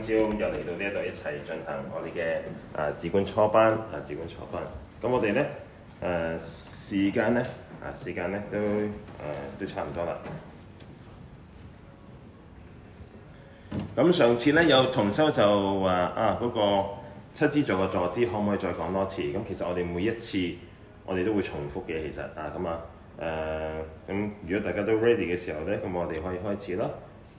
今朝又嚟到呢一度一齊進行我哋嘅啊止觀初班啊止觀初班，咁、啊、我哋咧誒時間咧啊時間咧都誒、呃、都差唔多啦。咁上次咧有同修就話啊嗰、那個七支坐嘅坐姿可唔可以再講多次？咁其實我哋每一次我哋都會重複嘅，其實啊咁啊誒咁如果大家都 ready 嘅時候咧，咁我哋可以開始囉。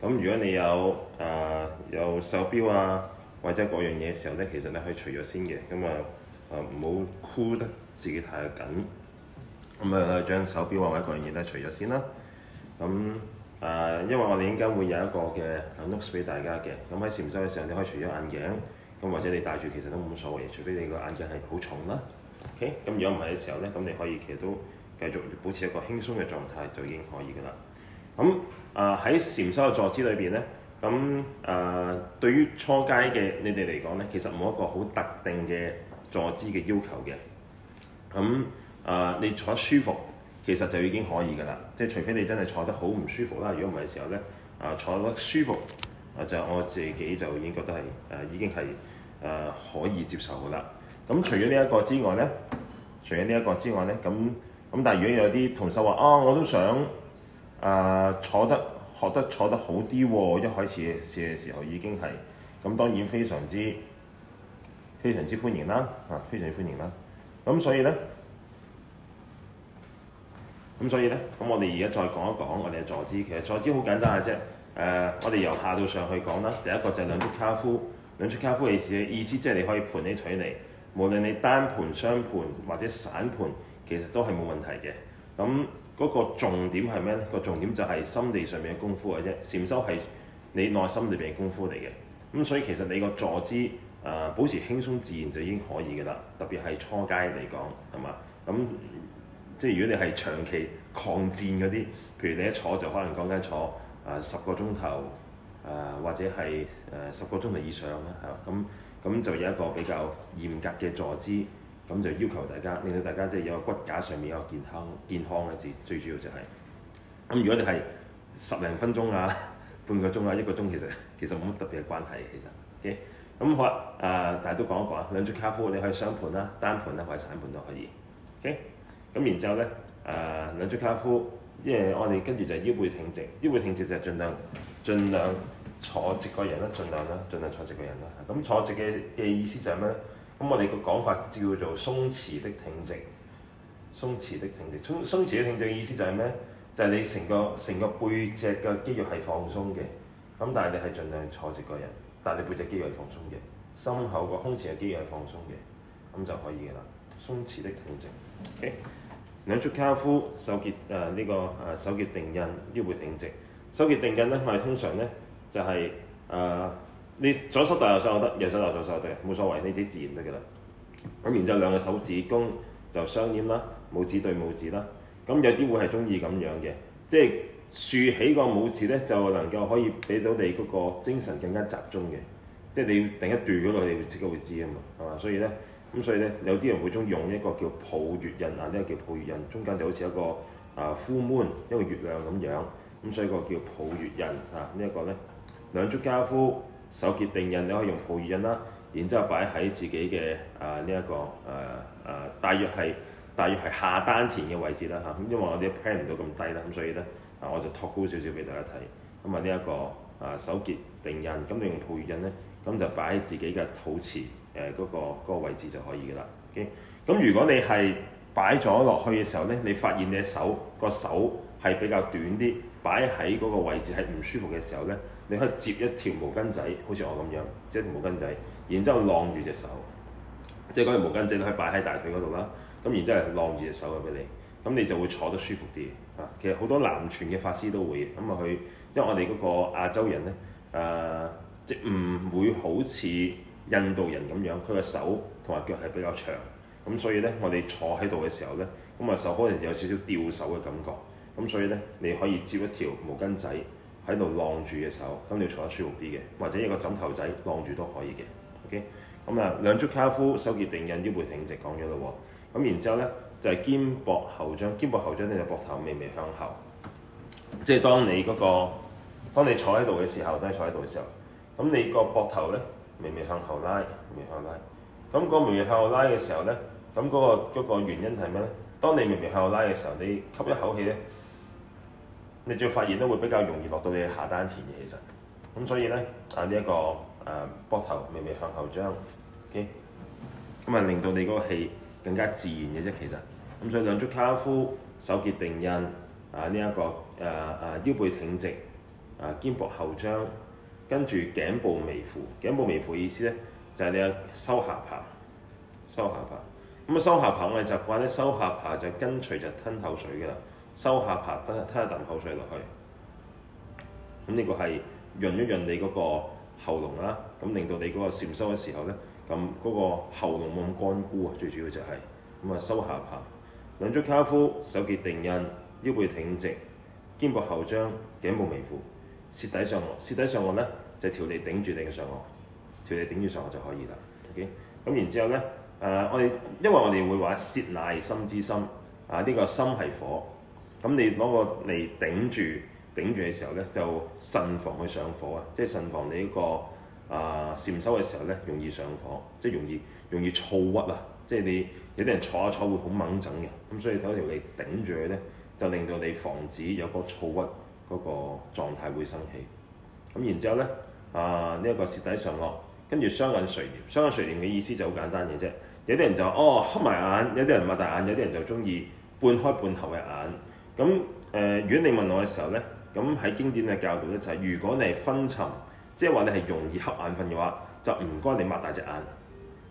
咁如果你有啊、呃、有手錶啊或者嗰樣嘢嘅時候咧，其實咧可以除咗先嘅，咁啊啊唔好箍得自己太緊，咁啊可以將手錶啊或者嗰樣嘢咧除咗先啦。咁、嗯、啊、呃、因為我哋應該會有一個嘅 locks 俾大家嘅，咁喺禪修嘅時候你可以除咗眼鏡，咁或者你戴住其實都冇乜所謂，除非你個眼鏡係好重啦。OK，咁、嗯、如果唔係嘅時候咧，咁你可以其實都繼續保持一個輕鬆嘅狀態就已經可以噶啦。咁誒喺禪修嘅坐姿裏邊咧，咁誒、呃、對於初階嘅你哋嚟講咧，其實冇一個好特定嘅坐姿嘅要求嘅。咁誒、呃、你坐得舒服，其實就已經可以㗎啦。即係除非你真係坐得好唔舒服啦。如果唔係嘅時候咧，誒坐得舒服，誒就我自己就已經覺得係誒已經係誒、呃、可以接受㗎啦。咁除咗呢一個之外咧，除咗呢一個之外咧，咁咁但係如果有啲同修話啊，我都想。啊，uh, 坐得學得坐得好啲喎、啊！一開始試嘅時候已經係。咁當然非常之非常之歡迎啦，啊，非常之歡迎啦。咁所以咧，咁所以咧，咁我哋而家再講一講我哋嘅坐姿。其實坐姿好簡單嘅啫。誒、呃，我哋由下到上去講啦。第一個就係兩隻卡夫，兩隻卡夫意思嘅意思，即係你可以盤起腿嚟，無論你單盤、雙盤或者散盤，其實都係冇問題嘅。咁嗰個重點係咩咧？個重點就係心地上面嘅功夫或者禪修係你內心裏面嘅功夫嚟嘅。咁所以其實你個坐姿誒、呃、保持輕鬆自然就已經可以嘅啦。特別係初階嚟講係嘛，咁即係如果你係長期抗戰嗰啲，譬如你一坐就可能講緊坐誒、呃、十個鐘頭誒或者係誒、呃、十個鐘頭以上啦，係嘛？咁咁就有一個比較嚴格嘅坐姿。咁就要求大家，令到大家即係有個骨架上面有健康健康嘅、啊、字，最主要就係、是、咁。如果你係十零分鐘啊、半個鐘啊、一個鐘，其實其實冇乜特別嘅關係，其實 OK。咁好啊，誒，大家都講一講兩隻卡夫，你可以雙盤啦、單盤啦、啊，或者散盤都可以 OK。咁然之後咧，誒，兩隻卡夫，因、yeah, 係我哋跟住就係腰背挺直，腰背挺直就係儘量儘量坐直個人啦，儘量啦，儘量坐直個人啦。咁坐直嘅嘅意思就係咩咧？咁我哋個講法叫做鬆弛的挺直，鬆弛的挺直。鬆鬆弛的挺直嘅意思就係咩？就係、是、你成個成個背脊嘅肌肉係放鬆嘅，咁但係你係盡量坐直個人，但係你背脊肌肉係放鬆嘅，心口個胸前嘅肌肉係放鬆嘅，咁就可以嘅啦。鬆弛的挺直。O.K. 兩足跏趺，手結誒呢、呃這個誒手、啊、結定印，腰背挺直。手結定印咧，咪通常咧就係、是、誒。呃你左手大右手得，右手大左手得，冇所謂，你自己自然得嘅啦。咁然之後兩個手指公就相掩啦，拇指對拇指啦。咁有啲會係中意咁樣嘅，即係豎起個拇指咧，就能夠可以俾到你嗰個精神更加集中嘅。即係你定一段嗰個，你會即刻會知啊嘛，係嘛？所以咧，咁所以咧，有啲人會中意用一個叫抱月印啊，呢、呢個叫抱月印，中間就好似一個啊，full moon，一個月亮咁樣。咁所以個叫抱月印啊，呢個、呢一個咧，兩足跏趺。首結定印你可以用抱月印啦，然之後擺喺自己嘅啊呢一個誒誒，大約係大約係下丹田嘅位置啦嚇。咁、啊、因為我哋 plan 唔到咁低啦，咁所以咧啊我就托高少少俾大家睇。咁、嗯這個、啊呢一個啊首結定印，咁你用抱月印咧，咁就擺喺自己嘅肚臍誒嗰個位置就可以㗎啦。咁、okay? 如果你係擺咗落去嘅時候咧，你發現隻手、那個手係比較短啲，擺喺嗰個位置係唔舒服嘅時候咧。你可以接一條毛巾仔，好似我咁樣，即係條毛巾仔，然之後晾住隻手，即係嗰條毛巾仔可以擺喺大腿嗰度啦。咁然之後晾住隻手嘅俾你，咁你就會坐得舒服啲。嚇，其實好多南傳嘅法師都會嘅，咁啊佢，因為我哋嗰個亞洲人咧，誒即唔會好似印度人咁樣，佢嘅手同埋腳係比較長，咁所以咧我哋坐喺度嘅時候咧，咁啊手可能有少少吊手嘅感覺，咁所以咧你可以接一條毛巾仔。喺度攬住嘅手，咁你坐得舒服啲嘅，或者一個枕頭仔攬住都可以嘅。OK，咁啊，兩足交叉，手結定印，腰背挺直，講咗啦喎。咁然之後咧，就係肩膊後張，肩膊後張你係膊頭微微向後。即係當你嗰個，當你坐喺度嘅時候，都係坐喺度嘅時候，咁你個膊頭咧，微微向後拉，微微向後拉。咁個微微向後拉嘅時候咧，咁嗰個嗰個原因係咩咧？當你微微向後拉嘅時候，你吸一口氣咧。你仲要發現咧，會比較容易落到你下丹田嘅，其實咁所以咧，啊呢一個誒膊頭微微向後張，OK，咁啊令到你嗰個氣更加自然嘅啫，其實咁所以兩足跏趺，手結定印，啊呢一、這個誒誒、啊啊、腰背挺直，啊肩膊後張，跟住頸部微俯。頸部微俯嘅意思咧，就係、是、你啊收下巴，收下巴，咁啊收下巴，我哋習慣咧收下巴就跟隨就吞口水㗎喇。收下巴，得吞一啖口，口水落去。咁呢個係潤一潤你嗰個，個喉嚨啦，咁令到你嗰個禪修嘅時候咧，咁嗰個喉嚨冇咁乾枯啊。最主要就係咁啊，收下巴，兩足卡夫，手結定印，腰背挺直，肩膊後張，頸部微負，舌底上顎。舌底上顎咧就條、是、脷頂住你嘅上顎，條脷頂住上顎就可以啦。OK，咁然之後咧，誒我哋因為我哋會話舌乃心之心啊，呢、呢個心係火。咁你攞個嚟頂住頂住嘅時候咧，就慎防去上火啊！即係慎防你呢個啊禪修嘅時候咧，容易上火，即係容易容易躁鬱啊！即係你有啲人坐一坐著會好掹整嘅，咁所以攞條脷頂住佢咧，就令到你防止有個躁鬱嗰個狀態會生氣。咁然之後咧啊，呢、呃、一、這個舌底上顎，跟住雙眼垂炎。雙眼垂炎嘅意思就好簡單嘅啫。有啲人就哦合埋眼，有啲人擘大眼，有啲人，人就中意半開半合嘅眼。咁誒、呃，如果你問我嘅時候咧，咁喺經典嘅教導咧就係、是，如果你係昏沉，即係話你係容易瞌眼瞓嘅話，就唔該你擘大隻眼，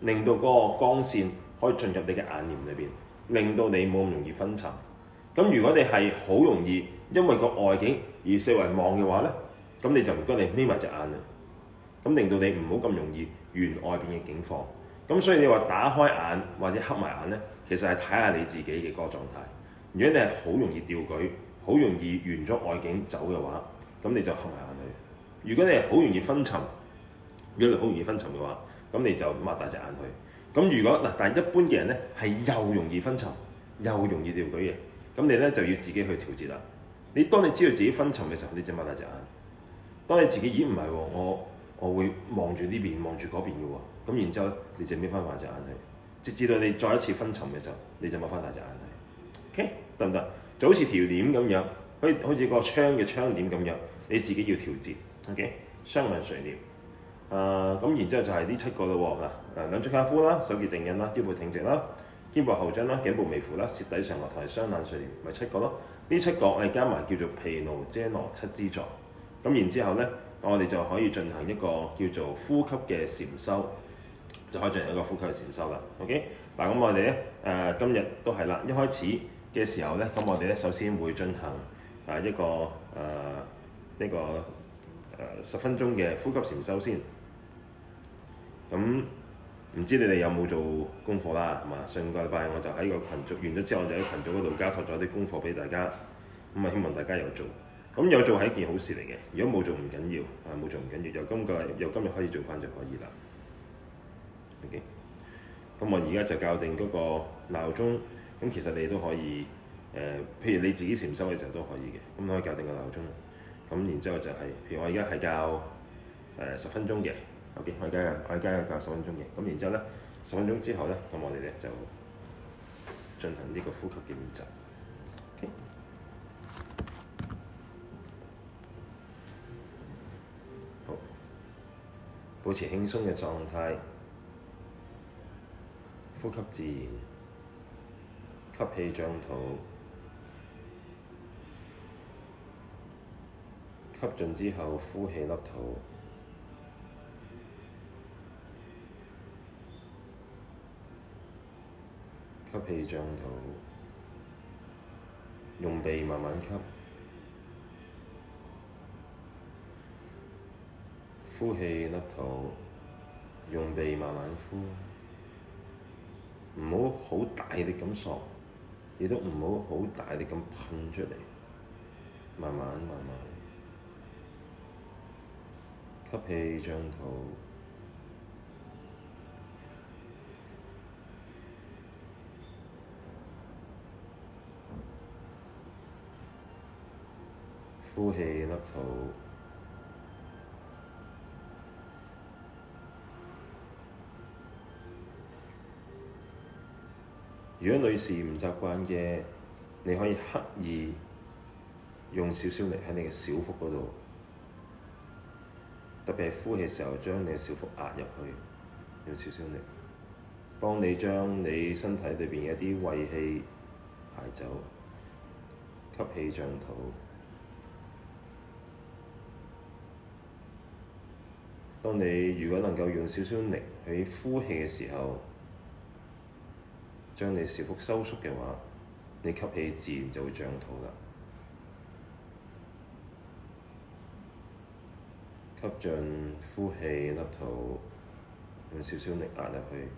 令到嗰個光線可以進入你嘅眼簾裏邊，令到你冇咁容易昏沉。咁如果你係好容易因為個外景而四圍望嘅話咧，咁你就唔該你眯埋隻眼啦，咁令到你唔好咁容易緣外邊嘅境況。咁所以你話打開眼或者瞌埋眼咧，其實係睇下你自己嘅嗰個狀態。如果你係好容易調舉、好容易沿咗外境走嘅話，咁你就合埋眼去；如果你係好容易昏沉，如果你好容易昏沉嘅話，咁你就擘大隻眼去。咁如果嗱，但係一般嘅人咧係又容易昏沉、又容易調舉嘅，咁你咧就要自己去調節啦。你當你知道自己昏沉嘅時候，你就擘大隻眼；當你自己已經咦唔係喎，我我會望住呢邊、望住嗰邊嘅喎，咁然之後咧，你就眯翻埋隻眼去，直至到你再一次昏沉嘅時候，你就擘翻大隻眼。O.K. 得唔得？就好似條簾咁樣，好似好似個窗嘅窗簾咁樣，你自己要調節。O.K. 雙眼垂簾。啊、呃，咁然之後就係呢七個咯喎嗱，兩、呃、隻跏趺啦，手結定印啦，腰部挺直啦，肩部後張啦，頸部微俯啦，舌底上落台，雙眼垂簾，咪、就是、七個咯。呢七個我哋加埋叫做毗盧遮那七支坐。咁然之後咧，我哋就可以進行一個叫做呼吸嘅禪修，就可以進行一個呼吸嘅禪修啦。O.K. 嗱，咁我哋咧誒今日都係啦，一開始，嘅時候呢，咁我哋咧首先會進行啊一個啊呢、呃、個誒、呃、十分鐘嘅呼吸禪修。先。咁、嗯、唔知你哋有冇做功課啦？係嘛，上個禮拜我就喺個群組完咗之後，我哋喺群組嗰度交託咗啲功課俾大家。咁、嗯、啊，希望大家有做。咁、嗯、有做係一件好事嚟嘅。如果冇做唔緊要，啊冇做唔緊要，由今個由今日開始做翻就可以啦。o、okay? 咁我而家就校定嗰個鬧鐘。咁其實你都可以，誒、呃，譬如你自己禪修嘅時候都可以嘅，咁可以校定個鬧鐘，咁然之後就係、是，譬如我而家係校誒十分鐘嘅，OK，我而家，我而家，係校十分鐘嘅，咁然之後咧，十分鐘之後咧，咁我哋咧就進行呢個呼吸嘅練習，OK，保保持輕鬆嘅狀態，呼吸自然。吸氣，脹肚。吸盡之後，呼氣，凹肚。吸氣，脹肚。用鼻慢慢吸。呼氣，凹肚。用鼻慢慢呼。唔好好大力咁索。亦都唔好好大力咁噴出嚟，慢慢慢慢吸氣，張肚，呼氣甩肚。如果女士唔習慣嘅，你可以刻意用少少力喺你嘅小腹嗰度，特別係呼氣嘅時候，將你嘅小腹壓入去，用少少力，幫你將你身體裏邊嘅一啲胃氣排走，吸氣漲肚。當你如果能夠用少少力喺呼氣嘅時候，將你小腹收縮嘅話，你吸氣自然就會漲肚啦。吸進呼氣，凹肚，用少少力壓入去，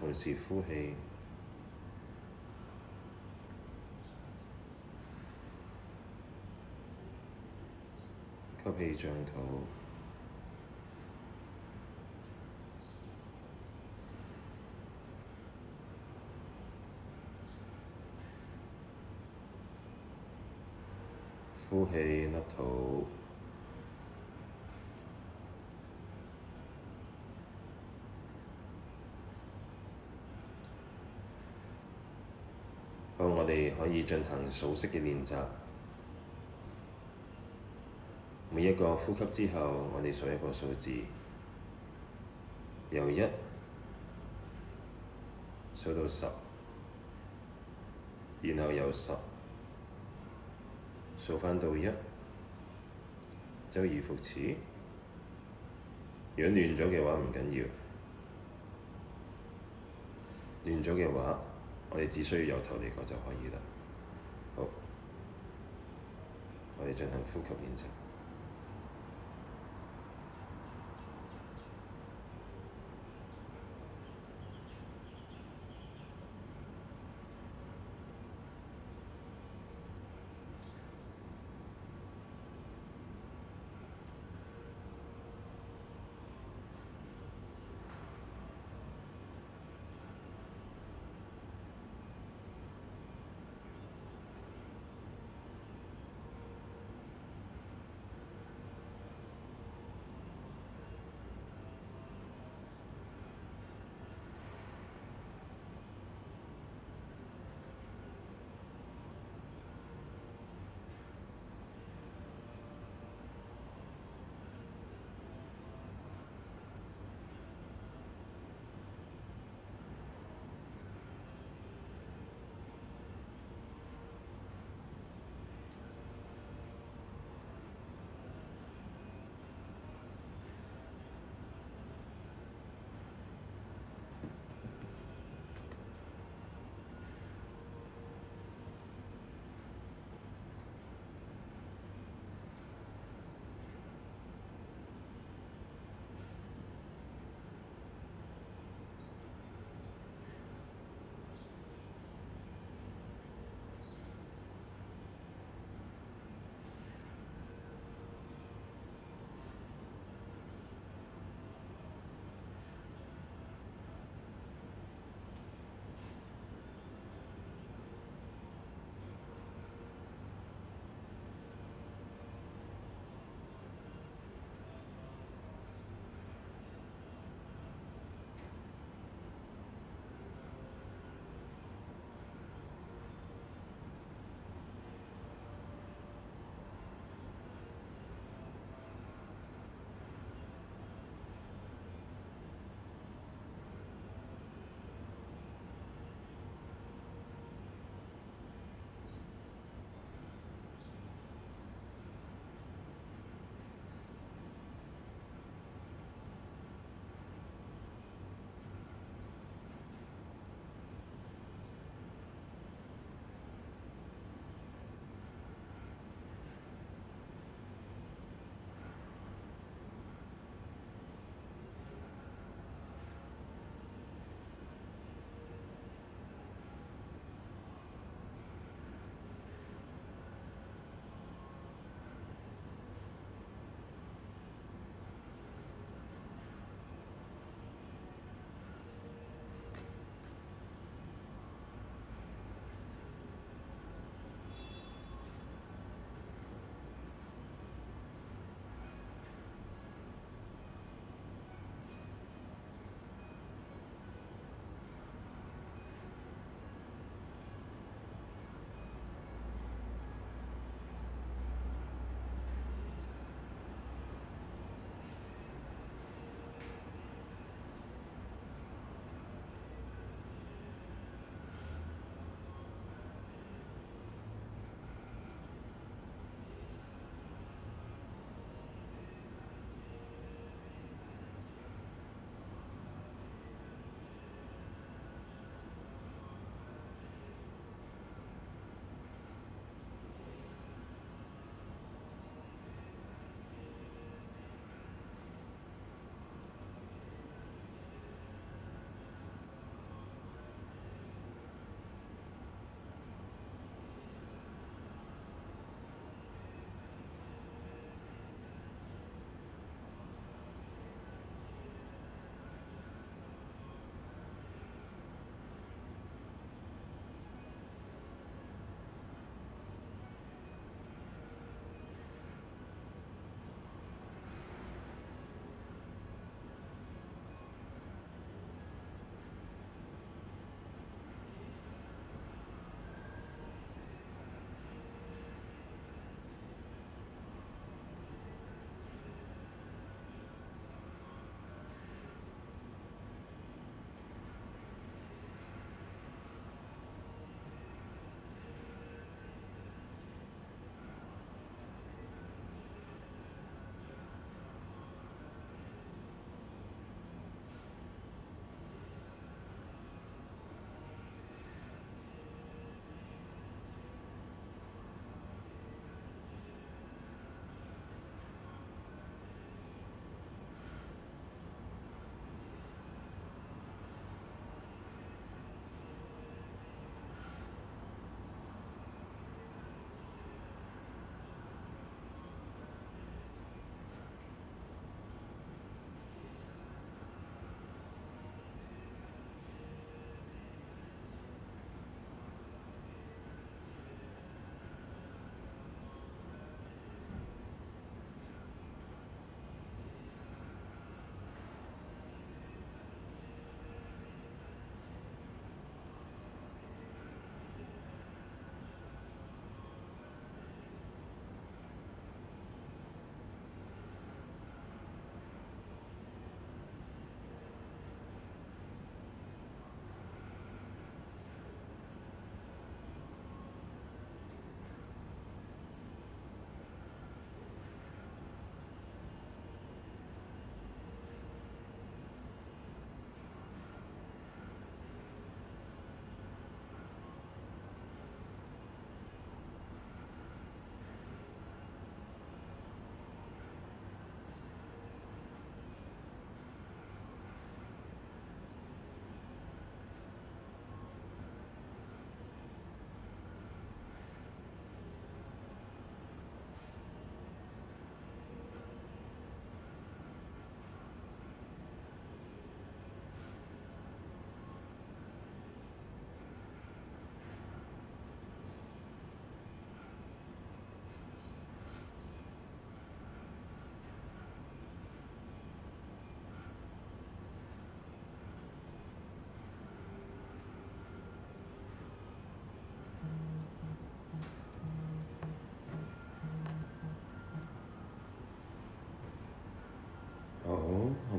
同時呼氣，吸氣漲肚。呼氣、甩肚，咁我哋可以進行數息嘅練習。每一個呼吸之後，我哋數一個數字，由一數到十，然後由十，數翻到一，周而復始。如果亂咗嘅話唔緊要，亂咗嘅話，我哋只需要由頭嚟過就可以啦。好，我哋進行呼吸練習。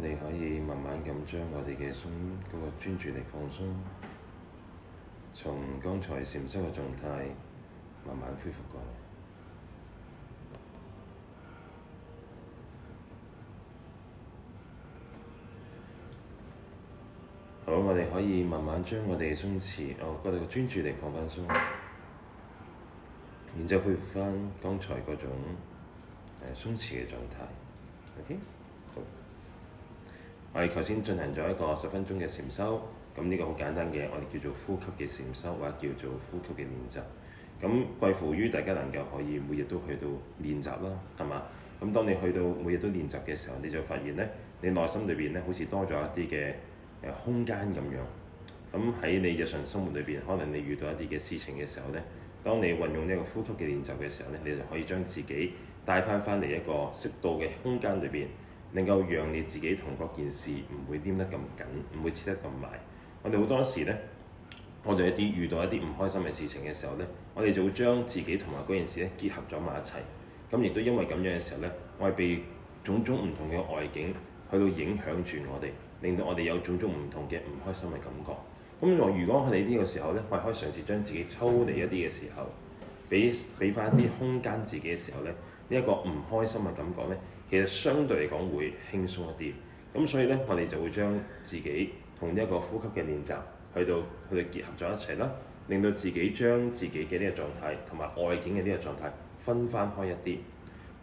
你可以慢慢咁將我哋嘅鬆嗰、嗰個專注力放鬆，從剛才禪修嘅狀態慢慢恢復過嚟。好，我哋可以慢慢將我哋嘅鬆弛哦，我哋嘅專注力放返鬆，然之後恢復翻剛才嗰種、呃、鬆弛嘅狀態。O.K. 好。我哋頭先進行咗一個十分鐘嘅禪修。咁呢個好簡單嘅，我哋叫做呼吸嘅禪修，或者叫做呼吸嘅練習。咁貴乎於大家能夠可以每日都去到練習啦，係嘛？咁當你去到每日都練習嘅時候，你就發現呢，你內心裏邊呢好似多咗一啲嘅誒空間咁樣。咁喺你日常生活裏邊，可能你遇到一啲嘅事情嘅時候呢，當你運用呢個呼吸嘅練習嘅時候呢，你就可以將自己帶翻翻嚟一個適度嘅空間裏邊。能夠讓你自己同嗰件事唔會黏得咁緊，唔會切得咁埋。我哋好多時呢，我哋一啲遇到一啲唔開心嘅事情嘅時候呢，我哋就會將自己同埋嗰件事咧結合咗埋一齊。咁亦都因為咁樣嘅時候呢，我係被種種唔同嘅外境去到影響住我哋，令到我哋有種種唔同嘅唔開心嘅感覺。咁若如果我哋呢個時候呢，我係可以嘗試將自己抽離一啲嘅時候，俾俾翻一啲空間自己嘅時候呢，呢一個唔開心嘅感覺呢，其實相對嚟講會輕鬆一啲，咁所以咧，我哋就會將自己同呢一個呼吸嘅練習去到去到結合在一齊啦，令到自己將自己嘅呢個狀態同埋外境嘅呢個狀態分翻開一啲，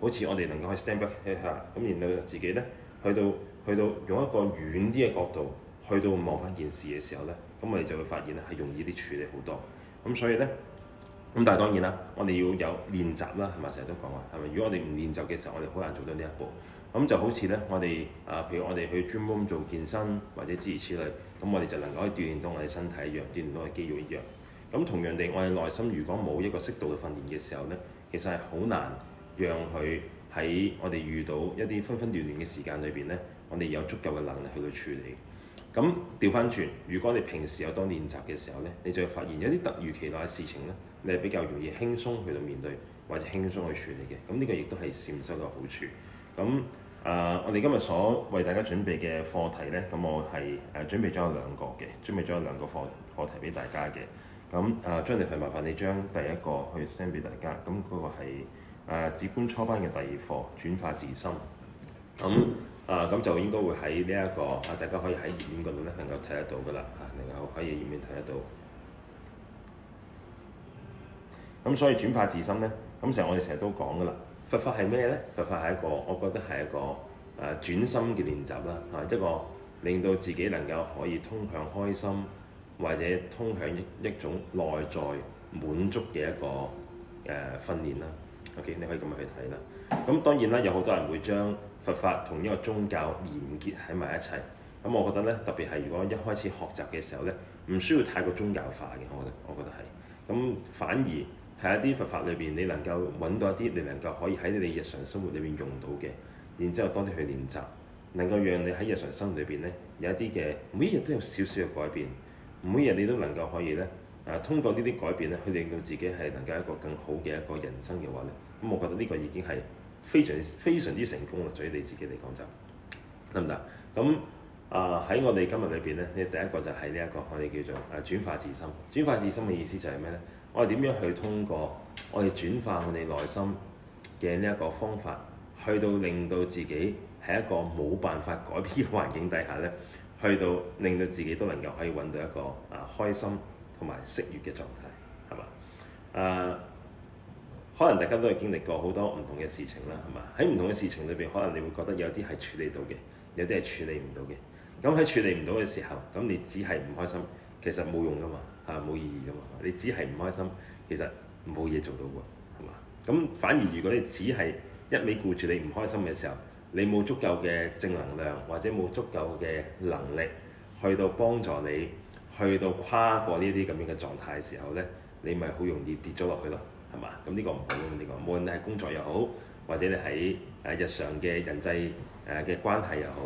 好似我哋能夠去 stand back 一下，咁然到然後自己咧去到去到用一個遠啲嘅角度去到望翻件事嘅時候咧，咁我哋就會發現咧係容易啲處理好多，咁所以咧。咁但係當然啦，我哋要有練習啦，係咪？成日都講話係咪？如果我哋唔練習嘅時候，我哋好難做到呢一步。咁就好似咧，我哋啊，譬如我哋去 gym room 做健身或者諸如此類，咁我哋就能夠可以鍛鍊到我哋身體一樣，鍛鍊到我哋肌肉一樣。咁同樣地，我哋內心如果冇一個適度嘅訓練嘅時候咧，其實係好難讓佢喺我哋遇到一啲分分斷斷嘅時間裏邊咧，我哋有足夠嘅能力去到處理。咁掉返轉，如果你平時有多練習嘅時候咧，你就會發現有啲突如其來嘅事情咧，你係比較容易輕鬆去到面對，或者輕鬆去處理嘅。咁呢個亦都係禪修嘅好處。咁誒、呃，我哋今日所為大家準備嘅課題呢，咁我係誒準備咗有兩個嘅，準備咗有兩,兩個課課題俾大家嘅。咁誒、呃，張利發，麻煩你將第一個去 send 俾大家。咁、那、嗰個係誒、呃、止觀初班嘅第二課轉化自心。咁誒咁就應該會喺呢一個誒，大家可以喺頁面嗰度呢，能夠睇得到噶啦，嚇、啊，能夠可以頁面睇得到。咁所以轉化自心咧，咁成日我哋成日都講㗎啦。佛法係咩咧？佛法係一個，我覺得係一個誒、呃、轉心嘅練習啦、嚇、啊、一個令到自己能夠可以通向開心或者通向一一種內在滿足嘅一個誒、呃、訓練啦、啊。OK，你可以咁樣去睇啦。咁當然啦，有好多人會將佛法同一個宗教連結喺埋一齊。咁我覺得咧，特別係如果一開始學習嘅時候咧，唔需要太過宗教化嘅，我覺得，我覺得係咁，反而。喺一啲佛法裏邊，你能夠揾到一啲，你能夠可以喺你日常生活裏邊用到嘅，然之後多啲去練習，能夠讓你喺日常生活裏邊咧有一啲嘅，每日都有少少嘅改變，每日你都能夠可以咧啊，通過呢啲改變咧去令到自己係能夠一個更好嘅一個人生嘅話咧，咁我覺得呢個已經係非常非常之成功啦，對於你自己嚟講就得唔得？咁啊喺我哋今日裏邊咧，你第一個就係呢一個我哋叫做啊轉化自心，轉化自心嘅意思就係咩咧？我哋點樣去通過我哋轉化我哋內心嘅呢一個方法，去到令到自己喺一個冇辦法改變嘅環境底下呢，去到令到自己都能夠可以揾到一個啊開心同埋適悦嘅狀態，係嘛？誒、啊，可能大家都係經歷過好多唔同嘅事情啦，係嘛？喺唔同嘅事情裏邊，可能你會覺得有啲係處理到嘅，有啲係處理唔到嘅。咁喺處理唔到嘅時候，咁你只係唔開心，其實冇用噶嘛。嚇冇意義㗎嘛？你只係唔開心，其實冇嘢做到喎，係嘛？咁反而如果你只係一味顧住你唔開心嘅時候，你冇足夠嘅正能量，或者冇足夠嘅能力去到幫助你，去到跨過呢啲咁樣嘅狀態嘅時候咧，你咪好容易跌咗落去咯，係嘛？咁呢個唔好呢個，無論你係工作又好，或者你喺誒日常嘅人際誒嘅關係又好，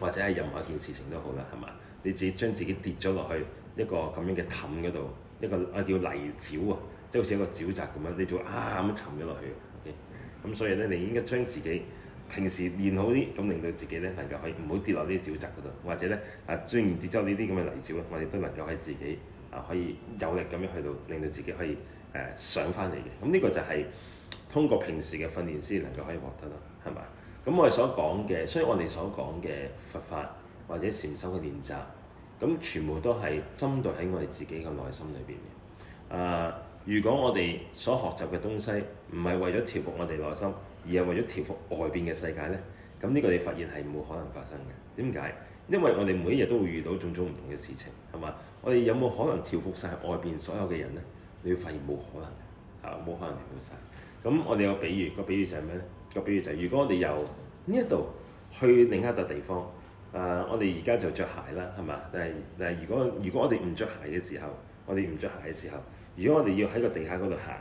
或者係任何一件事情都好啦，係嘛？你自己將自己跌咗落去。一個咁樣嘅氹嗰度，一個啊叫泥沼啊，即係好似一個沼澤咁樣，你就會啊啱沉咗落去，咁、okay? 所以咧，你應該將自己平時練好啲，咁令到自己咧能夠可以唔好跌落呢啲沼澤嗰度，或者咧啊，雖然跌咗呢啲咁嘅泥沼啊，我哋都能夠喺自己啊可以有力咁樣去到，令到自己可以誒、呃、上翻嚟嘅，咁呢個就係、是、通過平時嘅訓練先能夠可以獲得咯，係嘛？咁我哋所講嘅，所以我哋所講嘅佛法或者禪修嘅練習。咁全部都係針對喺我哋自己嘅內心裏邊嘅。啊、呃，如果我哋所學習嘅東西唔係為咗調伏我哋內心，而係為咗調伏外邊嘅世界咧，咁呢個你發現係冇可能發生嘅。點解？因為我哋每一日都會遇到種種唔同嘅事情，係嘛？我哋有冇可能調伏晒外邊所有嘅人咧？你會發現冇可能嘅，冇可能調伏曬。咁我哋有比喻，個比喻就係咩咧？個比喻就係、是、如果我哋由呢一度去另一笪地方。誒，uh, 我哋而家就着鞋啦，係嘛？但係但係，如果如果我哋唔着鞋嘅時候，我哋唔著鞋嘅時候，如果我哋要喺個地下嗰度行，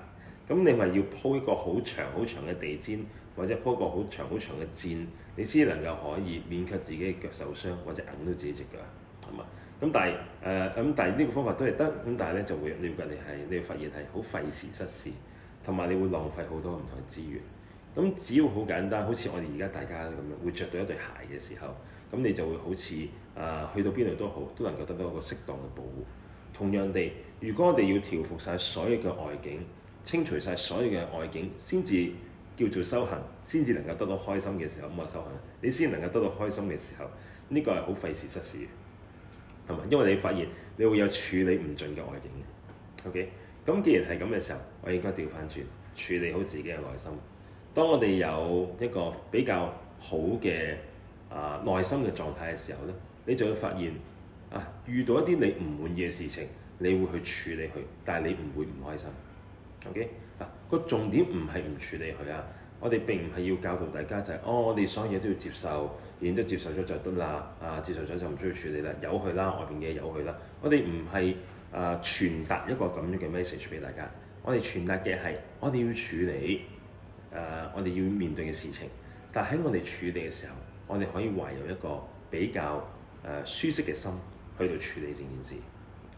咁你咪要鋪一個好長好長嘅地氈，或者鋪個好長好長嘅墊，你先能夠可以勉強自己嘅腳受傷，或者硬到自己隻腳，係嘛？咁但係誒，咁、呃、但係呢個方法都係得，咁但係咧就會你會覺得係你會發現係好費時失事，同埋你會浪費好多唔同嘅資源。咁只要好簡單，好似我哋而家大家咁樣會着到一對鞋嘅時候。咁你就會好似誒、啊、去到邊度都好，都能夠得到一個適當嘅保護。同樣地，如果我哋要調伏晒所有嘅外境，清除晒所有嘅外境，先至叫做修行，先至能夠得到開心嘅時候咁嘅修行，你先能夠得到開心嘅時候，呢、這個係好費時失事嘅，係嘛？因為你發現你會有處理唔盡嘅外境嘅。OK，咁既然係咁嘅時候，我應該調翻轉處理好自己嘅內心。當我哋有一個比較好嘅。啊，內心嘅狀態嘅時候咧，你就會發現啊，遇到一啲你唔滿意嘅事情，你會去處理佢，但係你唔會唔開心。O K 嗱個重點唔係唔處理佢啊，我哋並唔係要教導大家就係、是、哦，我哋所有嘢都要接受，然之接受咗就得啦啊，接受咗就唔需要處理啦，由佢啦，外邊嘅嘢由佢啦。我哋唔係啊傳達一個咁樣嘅 message 俾大家，我哋傳達嘅係我哋要處理誒、啊、我哋要面對嘅事情，但係喺我哋處理嘅時候。我哋可以懷有一個比較誒舒適嘅心去到處理成件事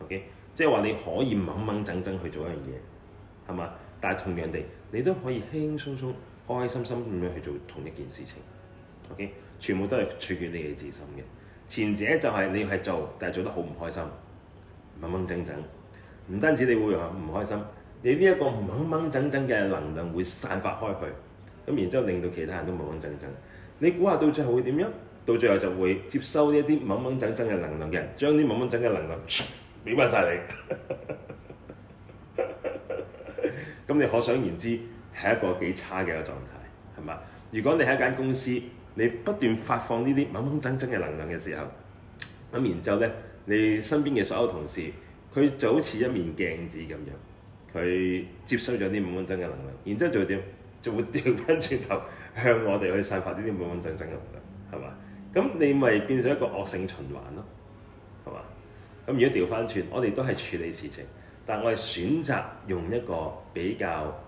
，OK，即係話你可以掹掹整整去做一樣嘢，係嘛？但係同樣地，你都可以輕輕鬆鬆、開開心心咁樣去做同一件事情，OK，全部都係取決你嘅自心嘅。前者就係你係做，但係做得好唔開心，掹掹整整，唔單止你會唔開心，你呢一個掹掹整整嘅能量會散發開去，咁然之後令到其他人都掹掹整整。你估下到最後會點樣？到最後就會接收呢一啲掹掹掙掙嘅能量嘅人，將啲掹掹掙嘅能量俾翻晒你。咁 你可想而知，係一個幾差嘅一個狀態，係嘛？如果你喺間公司，你不斷發放呢啲掹掹掙掙嘅能量嘅時候，咁然之後咧，你身邊嘅所有同事，佢就好似一面鏡子咁樣，佢接收咗啲掹掹掙嘅能量，然之後就會點？就會掉翻轉頭。向我哋去散發呢啲揾揾正正嘅能量，係嘛？咁你咪變成一個惡性循環咯，係嘛？咁如果調翻轉，我哋都係處理事情，但我係選擇用一個比較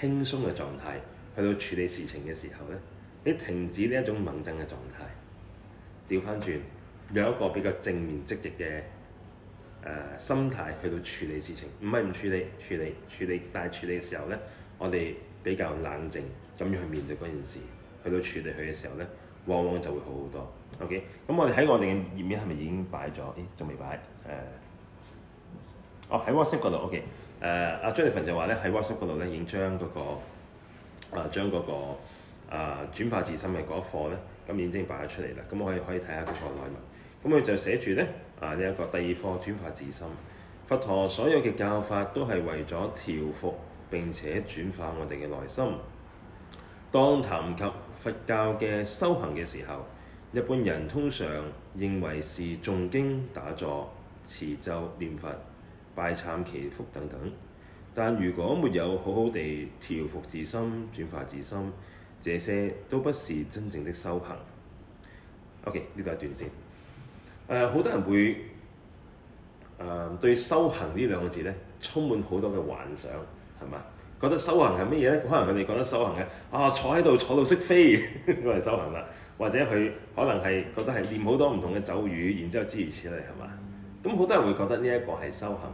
輕鬆嘅狀態去到處理事情嘅時候咧，你停止呢一種掙扎嘅狀態，調翻轉，用一個比較正面積極嘅誒心態去到處理事情，唔係唔處理，處理處理，但係處理嘅時候咧，我哋比較冷靜。咁樣去面對嗰件事，去到處理佢嘅時候咧，往往就會好好多。O K. 咁我哋喺我哋嘅頁面係咪已經擺咗？咦、哎，仲未擺？誒、呃，哦喺 WhatsApp 嗰度。O K. 誒，阿 Jonathan 就話咧喺 WhatsApp 嗰度咧已經將嗰、那個啊將嗰、那個、啊轉化自心嘅嗰一課咧，咁已經已經擺咗出嚟啦。咁我可以可以睇下嗰個內文。咁佢就寫住咧啊呢一、這個第二課轉化自心。佛陀所有嘅教法都係為咗調伏並且轉化我哋嘅內心。當談及佛教嘅修行嘅時候，一般人通常認為是誦經打坐、持咒念佛、拜懺祈福等等。但如果沒有好好地調伏自心、轉化自心，這些都不是真正的修行。OK，呢個係一段先。誒、呃，好多人會誒、呃、對修行呢兩個字咧，充滿好多嘅幻想，係嘛？覺得修行係乜嘢咧？可能佢哋覺得修行嘅啊，坐喺度坐到識飛，我 哋修行啦，或者佢可能係覺得係唸好多唔同嘅咒語，然之後諸如此類係嘛？咁好多人會覺得呢一個係修行，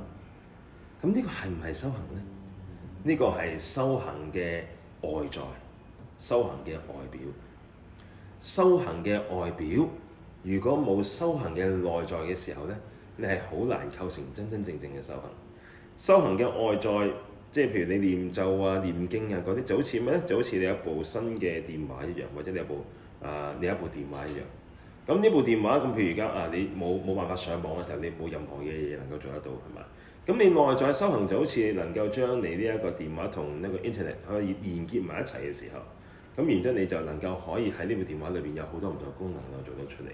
咁呢個係唔係修行咧？呢、呢個係修行嘅外在，修行嘅外表，修行嘅外表，如果冇修行嘅內在嘅時候咧，你係好難構成真真正正嘅修行。修行嘅外在。即係譬如你念咒啊，念經啊嗰啲，就好似咩咧？就好似你有部新嘅電話一樣，或者你有部啊、呃、你有一部電話一樣。咁呢部電話咁，譬如而家啊，你冇冇辦法上網嘅時候，你冇任何嘢嘢能夠做得到係嘛？咁你內在修行就好似能夠將你呢一個電話同呢個 internet 可以連結埋一齊嘅時候，咁然之後你就能夠可以喺呢部電話裏邊有好多唔同嘅功能能夠做得出嚟。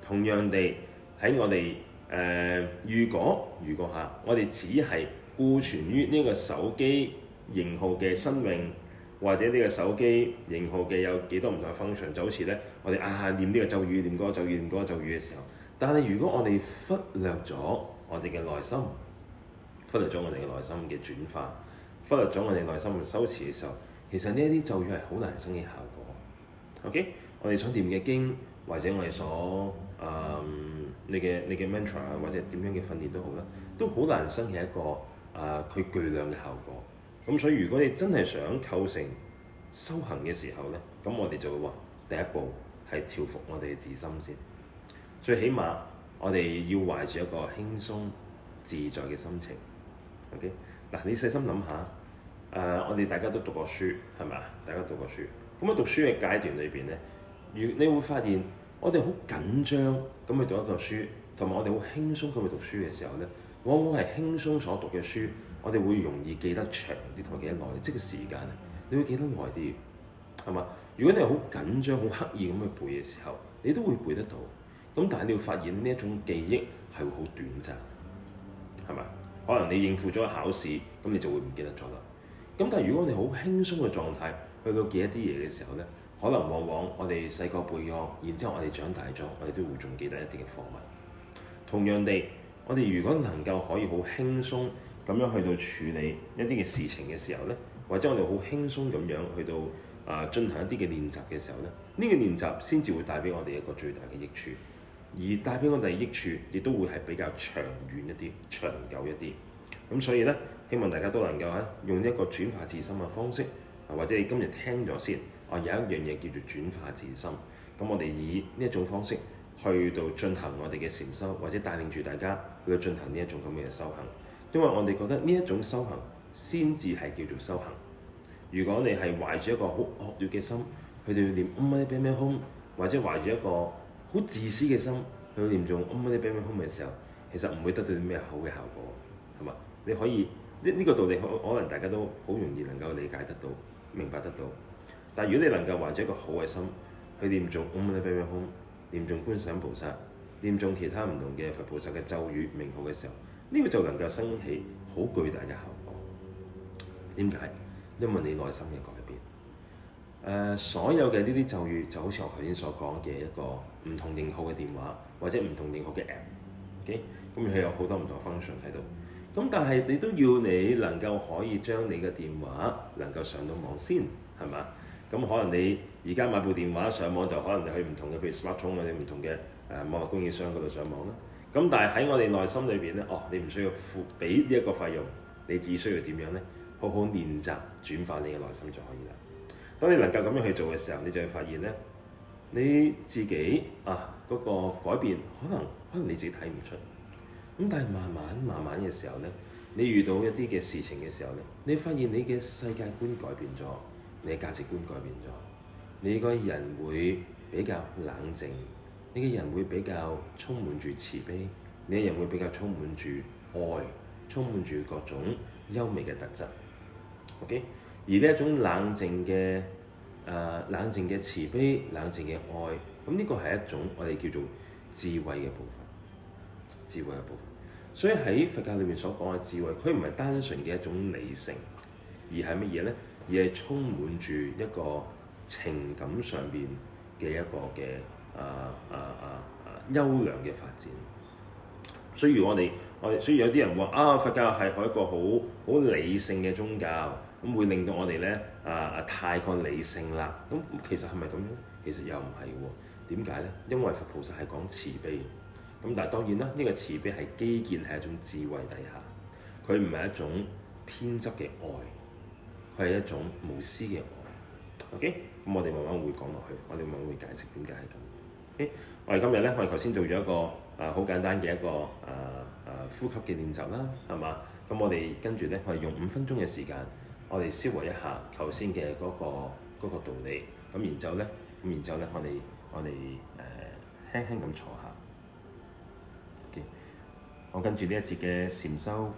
同樣地喺我哋誒、呃、如果如果下，我哋只係。固存於呢個手機型號嘅生命，或者呢個手機型號嘅有幾多唔同嘅 function，就好似咧我哋啊念呢個咒語，念嗰個咒語，念嗰個咒語嘅時候，但係如果我哋忽略咗我哋嘅內心，忽略咗我哋嘅內心嘅轉化，忽略咗我哋內心嘅修持嘅時候，其實呢一啲咒語係好難生嘅效果。OK，我哋想念嘅經，或者我哋所啊、呃、你嘅你嘅 mantra 或者點樣嘅訓練都好啦，都好難生起一個。啊！佢巨量嘅效果，咁所以如果你真係想構成修行嘅時候咧，咁我哋就會話第一步係調伏我哋嘅自心先，最起碼我哋要懷住一個輕鬆自在嘅心情。OK，嗱你細心諗下，誒、呃、我哋大家都讀過書，係咪啊？大家讀過書，咁喺讀書嘅階段裏邊咧，如你會發現我哋好緊張，咁去讀一個書。同埋我哋好輕鬆咁去讀書嘅時候咧，往往係輕鬆所讀嘅書，我哋會容易記得長啲，同埋記得耐啲，即係個時間啊，你會記得耐啲，係嘛？如果你係好緊張、好刻意咁去背嘅時候，你都會背得到。咁但係你會發現呢一種記憶係會好短暫，係咪？可能你應付咗考試，咁你就會唔記得咗啦。咁但係如果你好輕鬆嘅狀態去到記一啲嘢嘅時候咧，可能往往我哋細個背咗，然之後我哋長大咗，我哋都會仲記得一啲嘅課文。同樣地，我哋如果能夠可以好輕鬆咁樣去到處理一啲嘅事情嘅時候呢，或者我哋好輕鬆咁樣去到啊進行一啲嘅練習嘅時候呢，呢個練習先至會帶俾我哋一個最大嘅益處，而帶俾我哋嘅益處，亦都會係比較長遠一啲、長久一啲。咁所以呢，希望大家都能夠喺用一個轉化自心嘅方式，或者你今日聽咗先，啊有一樣嘢叫做轉化自心，咁我哋以呢一種方式。去到進行我哋嘅禪修，或者帶領住大家去到進行呢一種咁嘅修行，因為我哋覺得呢一種修行先至係叫做修行。如果你係懷住一個好惡劣嘅心，佢哋要念嗡嘛呢叭咪吽，或者懷住一個好自私嘅心去念誦嗡嘛呢叭咪吽嘅時候，其實唔會得到啲咩好嘅效果，係嘛？你可以呢呢、呢個道理可能大家都好容易能夠理解得到、明白得到。但如果你能夠懷住一個好嘅心，去念誦嗡嘛呢叭咪吽。念眾觀世音菩薩，念眾其他唔同嘅佛菩薩嘅咒語名號嘅時候，呢個就能夠升起好巨大嘅效果。點解？因為你內心嘅改變。呃、所有嘅呢啲咒語就好似我頭先所講嘅一個唔同型號嘅電話，或者唔同型號嘅 app、okay？咁佢有好多唔同嘅 function 喺度。咁但係你都要你能夠可以將你嘅電話能夠上到網先，係嘛？咁可能你。而家買部電話上網就可能你去唔同嘅，譬如 SmarTone 或者唔同嘅誒、啊、網絡供應商嗰度上網啦。咁但係喺我哋內心裏邊咧，哦，你唔需要付俾呢一個費用，你只需要點樣咧？好好練習轉化你嘅內心就可以啦。當你能夠咁樣去做嘅時候，你就會發現咧，你自己啊嗰、那個改變可能可能你自己睇唔出。咁但係慢慢慢慢嘅時候咧，你遇到一啲嘅事情嘅時候咧，你發現你嘅世界觀改變咗，你嘅價值觀改變咗。你個人會比較冷靜，你個人會比較充滿住慈悲，你個人會比較充滿住愛，充滿住各種優美嘅特質。OK，而呢一種冷靜嘅誒冷靜嘅慈悲、冷靜嘅愛，咁呢個係一種我哋叫做智慧嘅部分，智慧嘅部分。所以喺佛教裏面所講嘅智慧，佢唔係單純嘅一種理性，而係乜嘢咧？而係充滿住一個，情感上面嘅一個嘅啊啊啊啊優良嘅發展，所以我哋我所以有啲人話啊，佛教係一個好好理性嘅宗教，咁會令到我哋呢啊啊啊太過理性啦，咁其實係咪咁樣？其實又唔係喎，點解呢？因為佛菩薩係講慈悲，咁但係當然啦，呢個慈悲係基建喺一種智慧底下，佢唔係一種偏執嘅愛，佢係一種無私嘅愛，OK？咁我哋慢慢會講落去，我哋慢慢會解釋點解係咁。我哋今日咧，我哋頭先做咗一個誒好簡單嘅一個誒誒呼吸嘅練習啦，係嘛？咁我哋跟住咧，我哋用五分鐘嘅時間，我哋消化一下頭先嘅嗰個嗰個道理。咁然之後咧，咁然之後咧，我哋我哋誒輕輕咁坐下。Okay? 我跟住呢一節嘅禪修，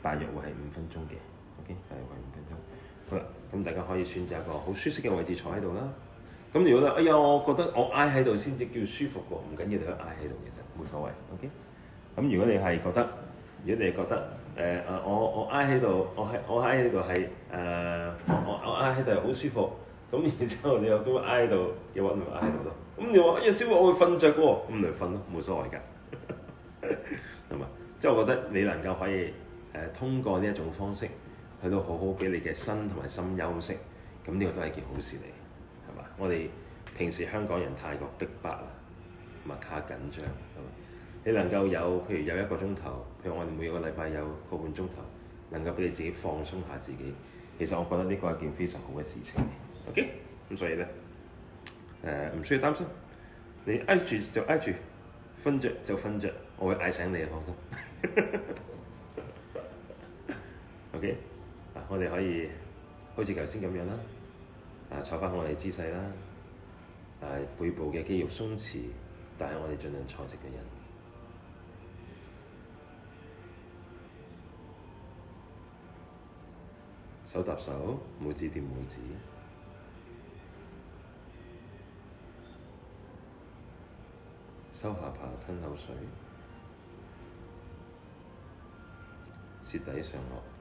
大約會係五分鐘嘅。OK，大約係五分鐘。Okay? 好啦。咁大家可以選擇一個好舒適嘅位置坐喺度啦。咁如果咧，哎呀，我覺得我挨喺度先至叫舒服喎，唔緊要你挨喺度，其實冇所謂。OK。咁如果你係覺得，如果你覺得，誒、呃、誒，我我挨喺度，我喺我挨喺度係誒，我我挨喺度好舒服。咁然之後你又咁挨喺度，嘅話咪挨喺度咯。咁你話哎呀，舒服，我會瞓着喎、哦，咁嚟瞓咯，冇所謂㗎。同 埋，即係我覺得你能夠可以誒、呃、通過呢一種方式。佢到好好俾你嘅身同埋心休息，咁呢個都係件好事嚟，係嘛？我哋平時香港人太過逼迫啦，同埋太緊張，咁你能夠有譬如有一個鐘頭，譬如我哋每個禮拜有個半鐘頭，能夠俾你自己放鬆下自己，其實我覺得呢個係件非常好嘅事情。OK，咁所以咧，誒、呃、唔需要擔心，你挨住就挨住，瞓着就瞓着，我會嗌醒你嘅，放心。 OK。啊、我哋可以好似頭先咁樣啦，啊坐翻我哋姿勢啦，誒、啊、背部嘅肌肉鬆弛，但係我哋盡量坐直嘅人，手搭手，拇指掂拇指，收下巴，吞口水，舌抵上顎。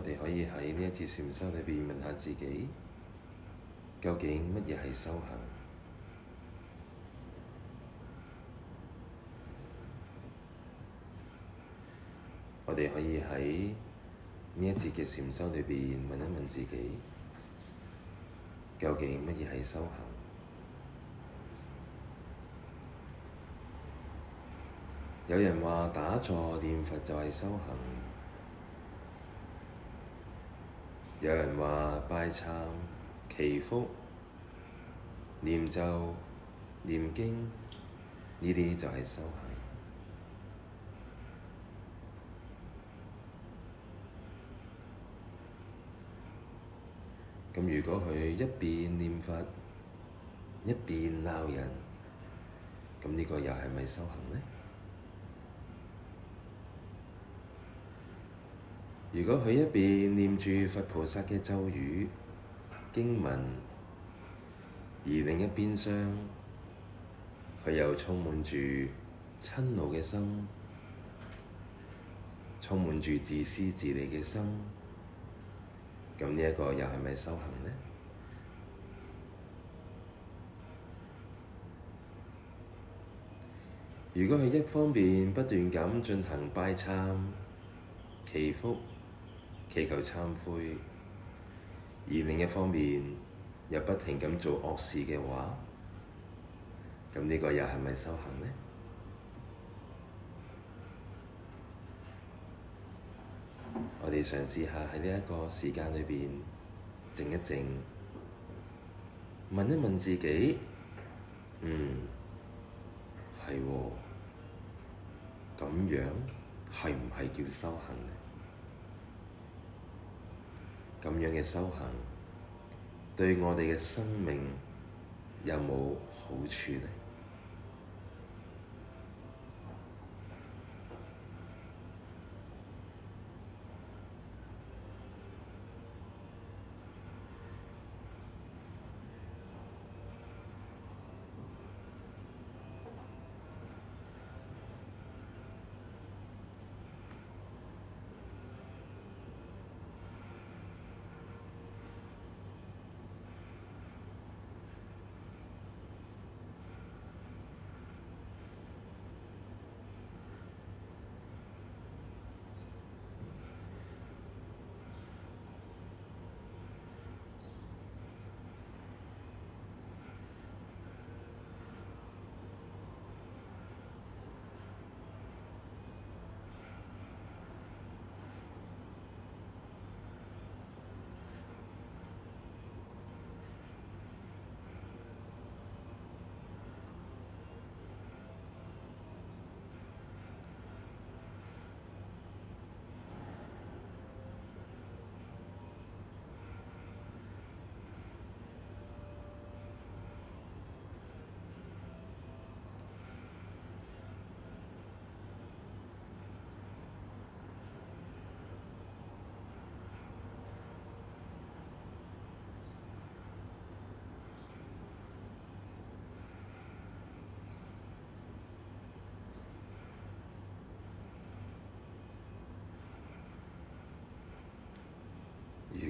我哋可以喺呢一次禪修裏邊問下自己，究竟乜嘢係修行？我哋可以喺呢一次嘅禪修裏邊問一問自己，究竟乜嘢係修行？有人話打坐念佛就係修行。有人話拜懺、祈福、念咒、念經，呢啲就係修行。咁如果佢一邊念佛，一邊鬧人，咁呢個又係咪修行呢？如果佢一邊念住佛菩薩嘅咒語經文，而另一邊廂佢又充滿住嗔怒嘅心，充滿住自私自利嘅心，咁呢一個又係咪修行呢？如果佢一方面不斷咁進行拜懺祈福，祈求懺悔，而另一方面又不停咁做惡事嘅話，咁呢個又係咪修行呢？ 我哋嘗試下喺呢一個時間裏邊靜一靜，問一問自己，嗯，係喎、哦，咁樣係唔係叫修行？咁樣嘅修行對我哋嘅生命有冇好處呢？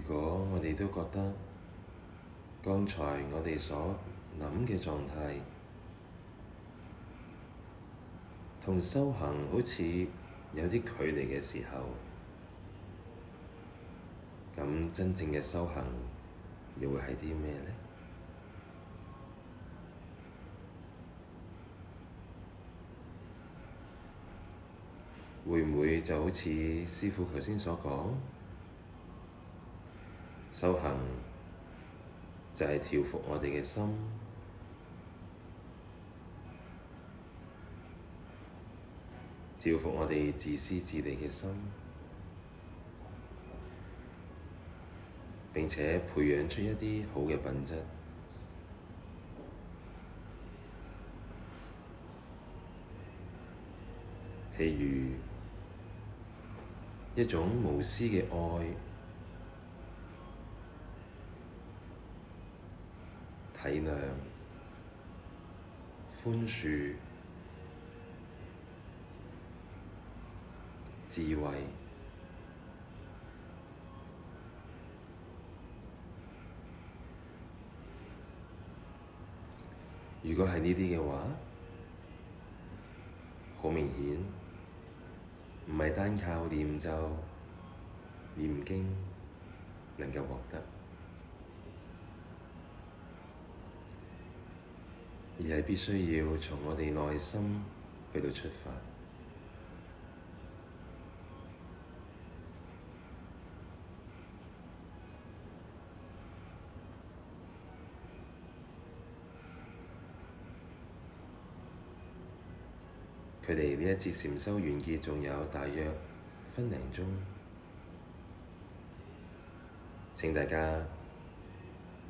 如果我哋都覺得剛才我哋所諗嘅狀態同修行好似有啲距離嘅時候，咁真正嘅修行又會係啲咩呢？會唔會就好似師父頭先所講？修行就係調伏我哋嘅心，調伏我哋自私自利嘅心，並且培養出一啲好嘅品質，譬如一種無私嘅愛。體諒、寬恕、智慧，如果係呢啲嘅話，好明顯唔係單靠念咒、念經能夠獲得。而係必須要從我哋內心去到出發。距離呢一次禪修完結，仲有大約分零鐘。請大家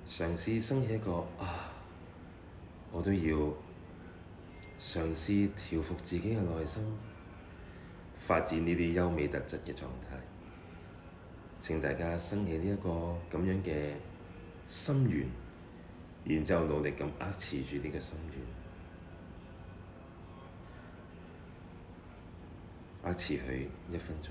嘗試生起一個啊！我都要嘗試調伏自己嘅內心，發展呢啲優美特質嘅狀態。請大家生起呢一個咁樣嘅心願，然之後努力咁握持住呢個心願，握持佢一分鐘。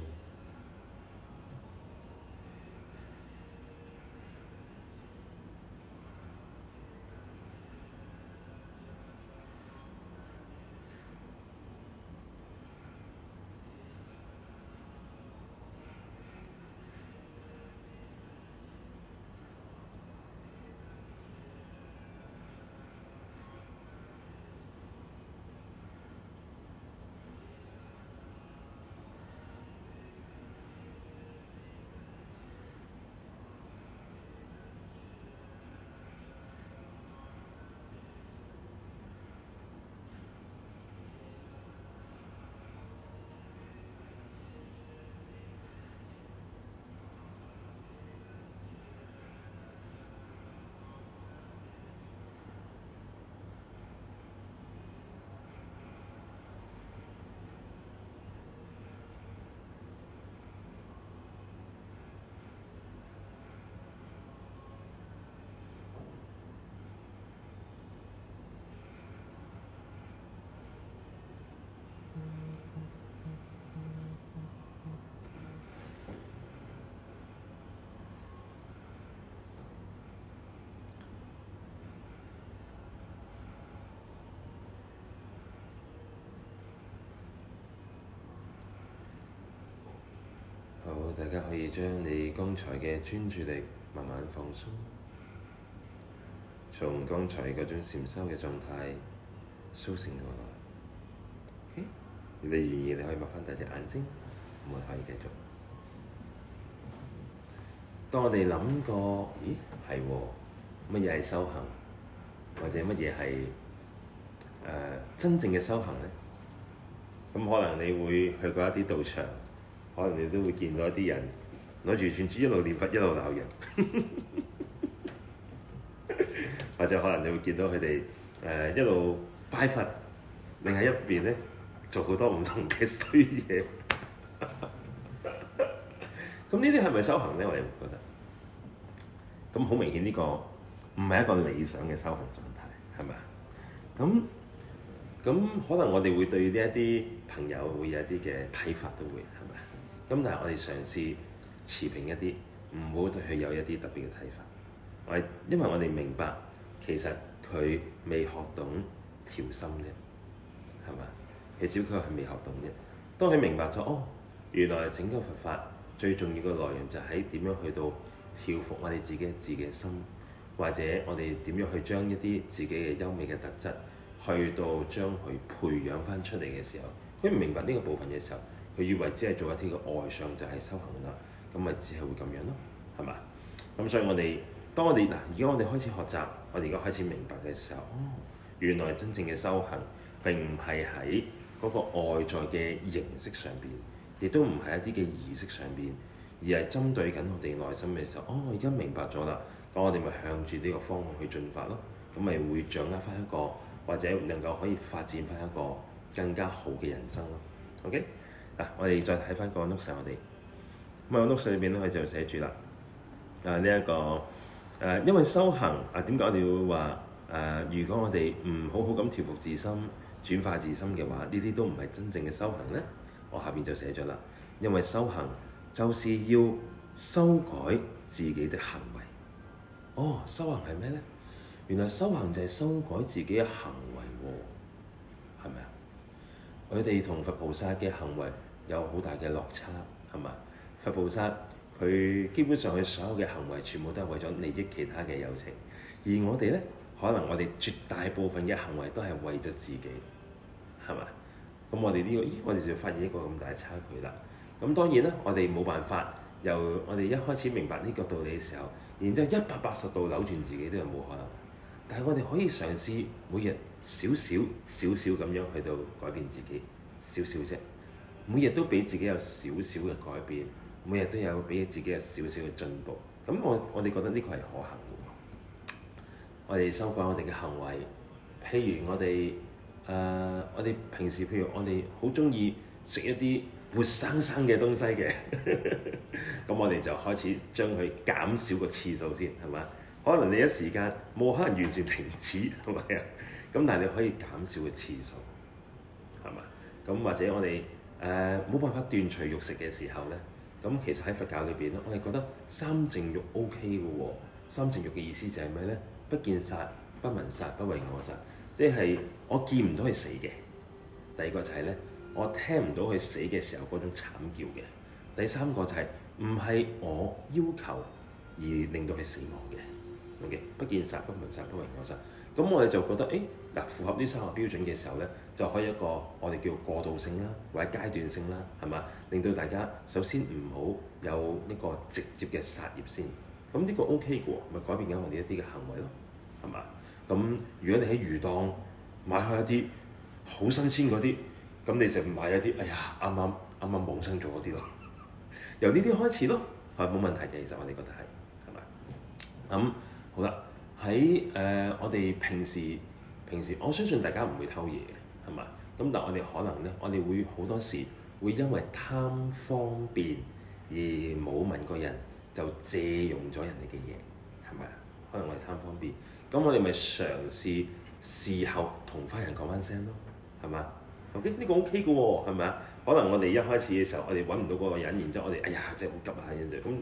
大家可以將你剛才嘅專注力慢慢放鬆，從剛才嗰種禪修嘅狀態蘇醒過來。Okay? 你願意你可以擘翻大隻眼睛，我哋可以繼續。當我哋諗過，咦？係喎，乜嘢係修行，或者乜嘢係呃真正嘅修行呢？咁可能你會去過一啲道場。可能你都會見到一啲人攞住串珠，一路念佛，一路鬧人， 或者可能你會見到佢哋誒一路拜佛，另喺一邊咧做好多唔同嘅衰嘢。咁呢啲係咪修行咧？我哋覺得咁好明顯呢個唔係一個理想嘅修行狀態，係咪啊？咁咁可能我哋會對呢一啲朋友會有一啲嘅睇法都會係咪？咁但係我哋嘗試持平一啲，唔好對佢有一啲特別嘅睇法。我因為我哋明白，其實佢未學懂調心啫，係嘛？佢只不過係未學懂嘅。當佢明白咗，哦，原來整個佛法最重要嘅內容就係點樣去到調伏我哋自己自己嘅心，或者我哋點樣去將一啲自己嘅優美嘅特質，去到將佢培養翻出嚟嘅時候，佢唔明白呢個部分嘅時候。佢以為只係做一啲嘅外相就係、是、修行啦，咁咪只係會咁樣咯，係嘛？咁所以我哋當我哋嗱，而家我哋開始學習，我哋而家開始明白嘅時候，哦，原來真正嘅修行並唔係喺嗰個外在嘅形式上邊，亦都唔係一啲嘅儀式上邊，而係針對緊我哋內心嘅時候。哦，我而家明白咗啦，咁我哋咪向住呢個方向去進發咯，咁咪會掌握翻一個或者能夠可以發展翻一個更加好嘅人生咯。OK？那個、我哋再睇翻個 notes 我哋。咁啊，notes 裏邊咧，佢就寫住啦。誒呢一個誒，因為修行啊，點解我哋會話誒、啊？如果我哋唔好好咁調伏自心、轉化自心嘅話，呢啲都唔係真正嘅修行咧。我下邊就寫咗啦。因為修行就是要修改自己嘅行為。哦，修行係咩咧？原來修行就係修改自己嘅行為喎、哦，係咪啊？佢哋同佛菩薩嘅行為，有好大嘅落差，係嘛？佛菩薩佢基本上佢所有嘅行為，全部都係為咗利益其他嘅有情，而我哋呢，可能我哋絕大部分嘅行為都係為咗自己，係嘛？咁我哋呢個，咦，我哋就發現一個咁大嘅差距啦。咁當然啦，我哋冇辦法由我哋一開始明白呢個道理嘅時候，然之後一百八十度扭轉自己都係冇可能。但係我哋可以嘗試每日少少少少咁樣去到改變自己，少少啫。每日都俾自己有少少嘅改變，每日都有俾自己有少少嘅進步。咁我我哋覺得呢個係可行嘅。我哋修改我哋嘅行為，譬如我哋誒、呃，我哋平時譬如我哋好鍾意食一啲活生生嘅東西嘅，咁 我哋就開始將佢減少個次數先，係嘛？可能你一時間冇可能完全停止，係咪啊？咁但係你可以減少個次數，係嘛？咁或者我哋。誒冇辦法斷除肉食嘅時候咧，咁其實喺佛教裏邊咧，我係覺得三淨肉 O K 嘅喎。三淨肉嘅意思就係咩咧？不見殺、不聞殺、不為我殺，即係我見唔到佢死嘅。第二個就係咧，我聽唔到佢死嘅時候嗰種慘叫嘅。第三個就係唔係我要求而令到佢死亡嘅。O K，不見殺、不聞殺、不為我殺。咁我哋就覺得，誒、哎、嗱，符合呢三個標準嘅時候咧，就可以一個我哋叫過渡性啦，或者階段性啦，係嘛？令到大家首先唔好有呢個直接嘅殺業先。咁呢個 O K 嘅喎，咪改變緊我哋一啲嘅行為咯，係嘛？咁如果你喺魚檔買開一啲好新鮮嗰啲，咁你就買一啲，哎呀，啱啱啱啱萌生咗嗰啲咯， 由呢啲開始咯，係冇問題嘅。其實我哋覺得係，係咪？咁好啦。喺誒、呃，我哋平時平時，我相信大家唔會偷嘢嘅，係嘛？咁但係我哋可能咧，我哋會好多時會因為貪方便而冇問過人就借用咗人哋嘅嘢，係咪啊？可能我哋貪方便，咁我哋咪嘗試事後同翻人講翻聲咯，係嘛？OK，呢個 OK 嘅喎，係咪啊？可能我哋一開始嘅時候，我哋揾唔到嗰個人，然之後我哋哎呀，真係好急啊，跟住咁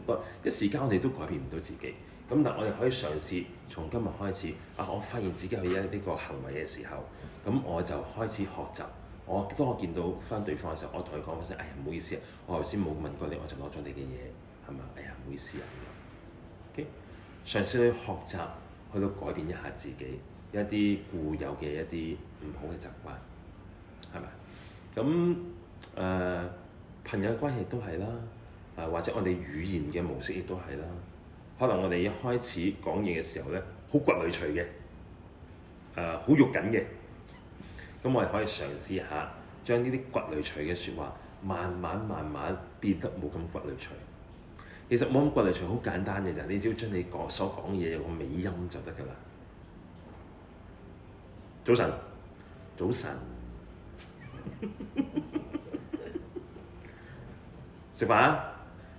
一時間我哋都改變唔到自己。咁但我哋可以嘗試從今日開始啊！我發現自己去一呢個行為嘅時候，咁我就開始學習。我當我見到翻對方嘅時候，我同佢講聲，哎呀唔好意思啊，我頭先冇問過你，我就攞咗你嘅嘢，係咪？哎呀唔好意思啊。OK，嘗試去學習，去到改變一下自己一啲固有嘅一啲唔好嘅習慣，係咪？咁誒、呃、朋友嘅關係都係啦，誒或者我哋語言嘅模式亦都係啦。可能我哋一開始講嘢嘅時候咧，好倔擂槌嘅，誒、呃、好肉緊嘅，咁我哋可以嘗試下將呢啲倔擂槌嘅説話，慢慢慢慢變得冇咁倔擂槌。其實冇咁倔擂槌好簡單嘅啫，你只要將你講所講嘢有個尾音就得㗎啦。早晨，早晨， 食飯啊，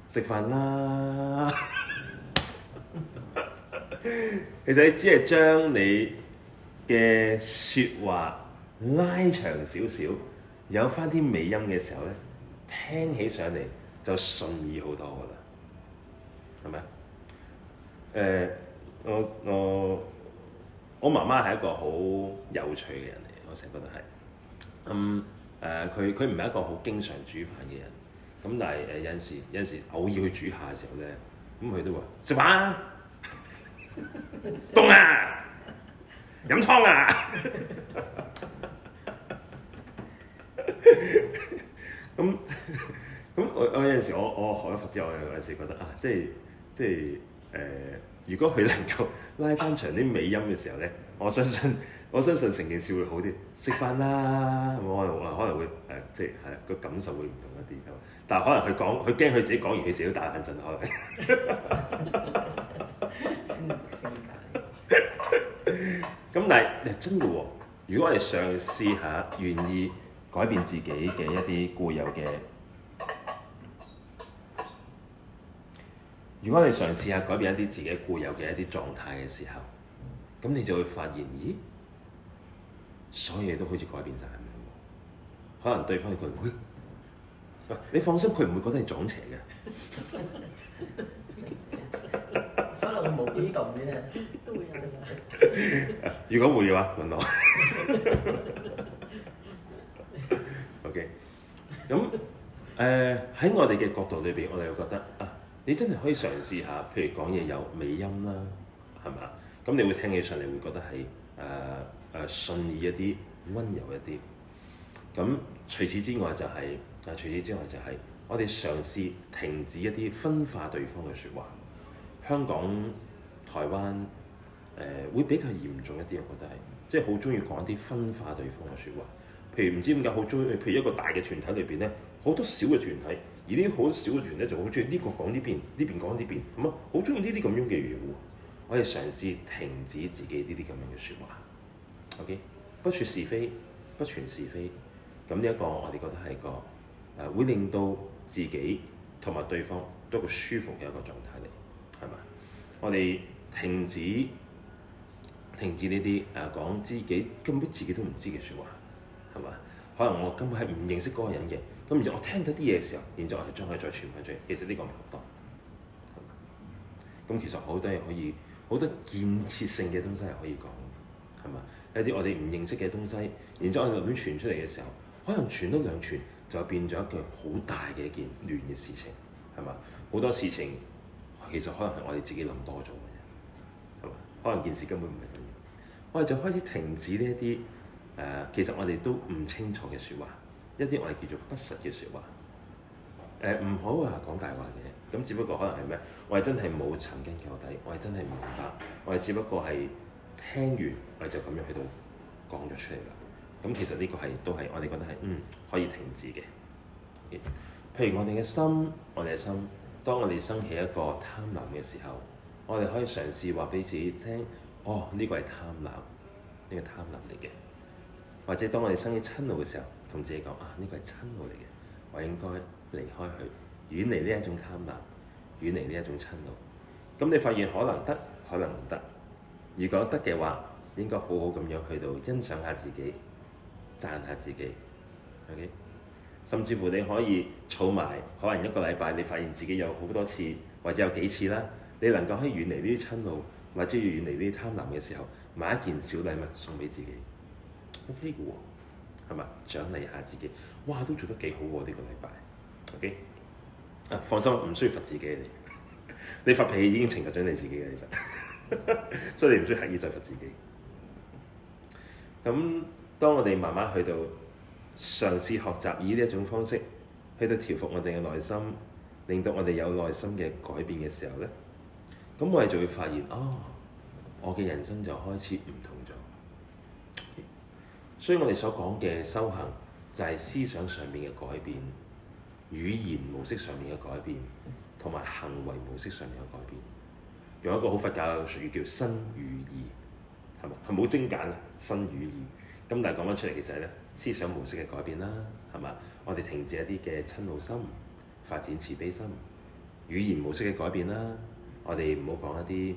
食飯啦！ 其實你只係將你嘅說話拉長少少，有翻啲尾音嘅時候咧，聽起上嚟就順意好多噶啦，係咪？誒，我我我媽媽係一個好有趣嘅人嚟，我成日覺得係，咁、嗯、誒，佢佢唔係一個好經常煮飯嘅人，咁但係誒有陣時有陣時偶爾去煮下嘅時候咧，咁佢都話食飯啊。凍啊飲湯啊，咁 咁我我有陣時我我學咗佛之後，我有陣時覺得啊，即係即係誒、呃，如果佢能夠拉翻長啲尾音嘅時候咧，我相信我相信成件事會好啲，食飯啦，我我可能會誒、啊，即係係個感受會唔同一啲，係，但係可能佢講，佢驚佢自己講完，佢自己都打緊震，可能。 咁 但係，真嘅喎、哦！如果我哋嘗試下，願意改變自己嘅一啲固有嘅，如果我哋嘗試下改變一啲自己固有嘅一啲狀態嘅時候，咁你就會發現，咦，所有嘢都開始改變晒啦！可能對方佢會覺得，喂，你放心，佢唔會覺得你撞邪嘅。 冇呢度嘅，都會有嘅。如果會嘅話，問我。 OK，咁誒喺我哋嘅角度裏邊，我哋會覺得啊，你真係可以嘗試下，譬如講嘢有美音啦，係嘛？咁你會聽起上嚟會覺得係誒誒順意一啲、溫柔一啲。咁除此之外，就係，就係啊，除此之外，就係我哋嘗試停止一啲分化對方嘅説話。香港、台灣誒、呃、會比較嚴重一啲，我覺得係，即係好中意講一啲分化對方嘅説話。譬如唔知點解好中意，譬如一個大嘅團體裏邊咧，好多小嘅團體，而啲好小嘅團咧就好中意呢個講呢邊，呢邊講呢邊咁啊，好中意呢啲咁樣嘅言語，我哋嘗試停止自己呢啲咁樣嘅説話。OK，不說是非，不傳是非，咁呢一個我哋覺得係一個誒會令到自己同埋對方都個舒服嘅一個狀態。我哋停止停止呢啲誒講自己根本自己都唔知嘅説話，係嘛？可能我根本係唔認識嗰個人嘅，咁然之後我聽到啲嘢嘅時候，然之後我係將佢再傳翻出嚟，其實呢個唔合當。咁其實好多嘢可以，好多建設性嘅東西係可以講，係嘛？一啲我哋唔認識嘅東西，然之後我哋點傳出嚟嘅時候，可能傳多兩傳就變咗一句好大嘅一件亂嘅事情，係嘛？好多事情。其實可能係我哋自己諗多咗嘅啫，係嘛？可能件事根本唔係咁樣。我哋就開始停止呢一啲誒，其實我哋都唔清楚嘅説話，一啲我哋叫做不實嘅説話。誒唔好話講大話嘅，咁只不過可能係咩？我係真係冇曾經睇過底，我係真係唔明白，我係只不過係聽完，我哋就咁樣喺度講咗出嚟啦。咁其實呢個係都係我哋覺得係嗯可以停止嘅。譬如我哋嘅心，我哋嘅心。當我哋生起一個貪婪嘅時候，我哋可以嘗試話俾自己聽：哦，呢個係貪婪，呢個貪婪嚟嘅。或者當我哋生起瞋怒嘅時候，同自己講：啊，呢個係瞋怒嚟嘅，我應該離開佢，遠離呢一種貪婪，遠離呢一種瞋怒。咁你發現可能得，可能唔得。如果得嘅話，應該好好咁樣去到欣賞下自己，讚下自己。OK。甚至乎你可以儲埋，可能一個禮拜，你發現自己有好多次，或者有幾次啦，你能夠喺遠離呢啲嗔怒，或者要遠離呢啲貪婪嘅時候，買一件小禮物送俾自己，OK 嘅喎，係嘛？獎勵下自己，哇，都做得幾好喎呢個禮拜，OK，啊放心，唔需要罰自己你， 你發脾氣已經懲罰咗你自己嘅，其實， 所以你唔需要刻意再罰自己。咁當我哋慢慢去到。嘗試學習以呢一種方式去到調伏我哋嘅內心，令到我哋有內心嘅改變嘅時候咧，咁我哋就會發現啊、哦，我嘅人生就開始唔同咗。Okay. 所以我哋所講嘅修行就係思想上面嘅改變、語言模式上面嘅改變，同埋行為模式上面嘅改變。用一個好佛教嘅術語叫身語意，係咪係冇精簡啊？身語意咁，但係講翻出嚟其實咧。思想模式嘅改變啦，係嘛？我哋停止一啲嘅嗔怒心，發展慈悲心。語言模式嘅改變啦，我哋唔好講一啲誒、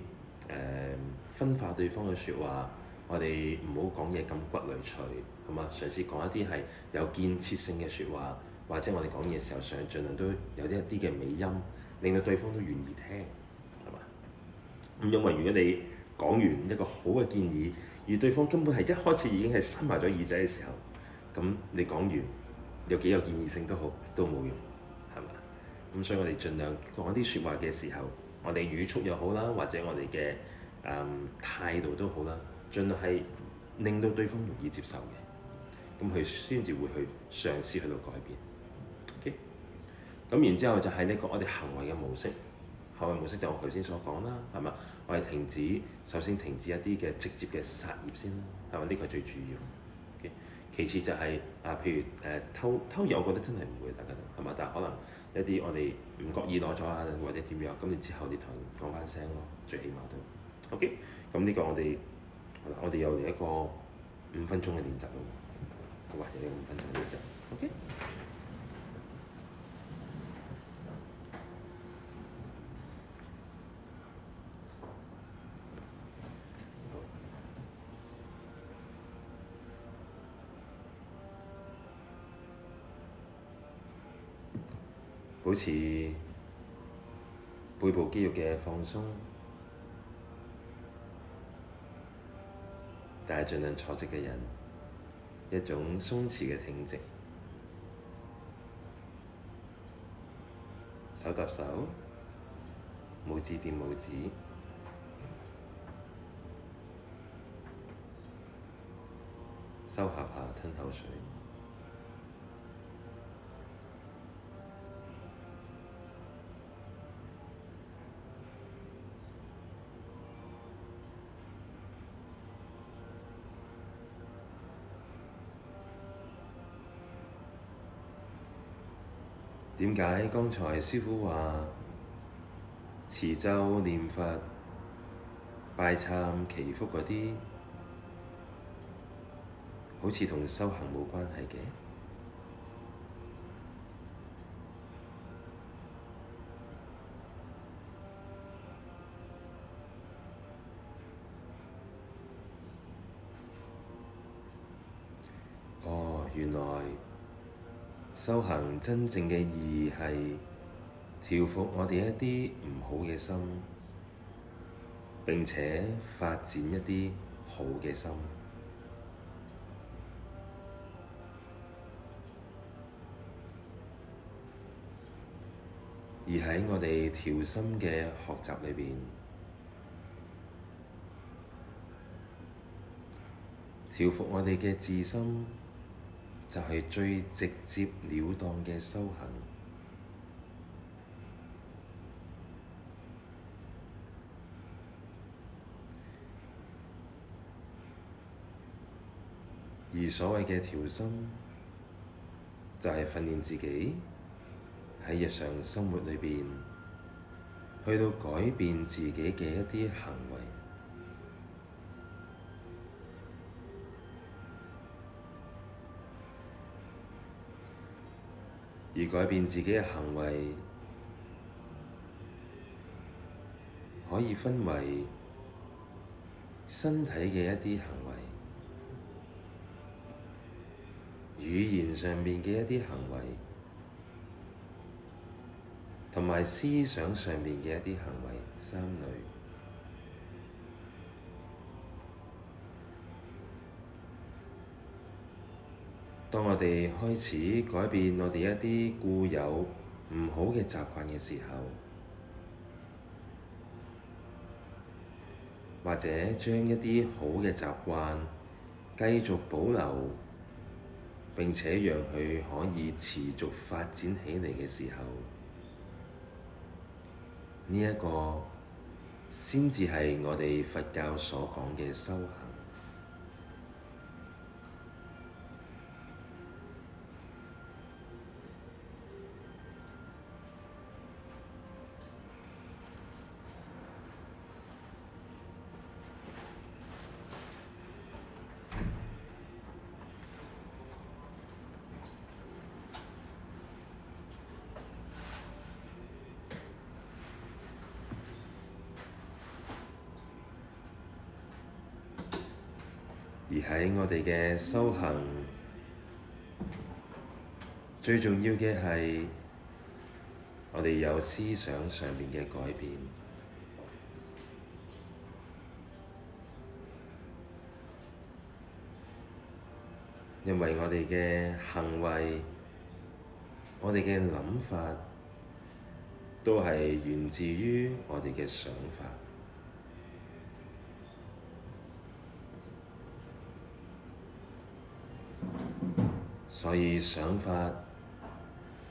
嗯、分化對方嘅説話，我哋唔好講嘢咁骨裏脆，係嘛？嘗試講一啲係有建設性嘅説話，或者我哋講嘢嘅時候，想盡量都有啲一啲嘅美音，令到對方都願意聽，係嘛？咁因為如果你講完一個好嘅建議，而對方根本係一開始已經係生埋咗耳仔嘅時候。咁你講完，有幾有建議性都好，都冇用，係嘛？咁所以我哋盡量講啲説話嘅時候，我哋語速又好啦，或者我哋嘅誒態度都好啦，盡量係令到對方容易接受嘅，咁佢先至會去嘗試去到改變。OK，咁然之後就係呢個我哋行為嘅模式，行為模式就我頭先所講啦，係嘛？我哋停止，首先停止一啲嘅直接嘅殺業先啦，係嘛？呢個係最主要。其次就係、是、啊，譬如誒、呃、偷偷嘢，我覺得真係唔會，大家都係嘛，但係可能一啲我哋唔覺意攞咗啊，或者點樣，咁你之後你同佢講返聲咯，最起碼都 OK。咁呢個我哋我哋又嚟一個五分鐘嘅練習咯，好，你又五分鐘嘅練習，OK。好似背部肌肉嘅放鬆，但係儘量坐直嘅人，一種鬆弛嘅挺直，手搭手，拇指掂拇指，收下巴吞口水。點解剛才師傅話，持咒、念佛、拜懺祈福嗰啲，好似同修行冇關係嘅？修行真正嘅意義係調服我哋一啲唔好嘅心，並且發展一啲好嘅心。而喺我哋調心嘅學習裏邊，調服我哋嘅自心，就係最直接了當嘅修行，而所謂嘅調心，就係訓練自己喺日常生活裏邊，去到改變自己嘅一啲行為。而改變自己嘅行為，可以分為身體嘅一啲行為、語言上面嘅一啲行為，同埋思想上面嘅一啲行為，三類。當我哋開始改變我哋一啲固有唔好嘅習慣嘅時候，或者將一啲好嘅習慣繼續保留，並且讓佢可以持續發展起嚟嘅時候，呢一個先至係我哋佛教所講嘅修行。我哋嘅修行最重要嘅係我哋有思想上面嘅改變。因為我哋嘅行為，我哋嘅諗法都係源自於我哋嘅想法。所以想法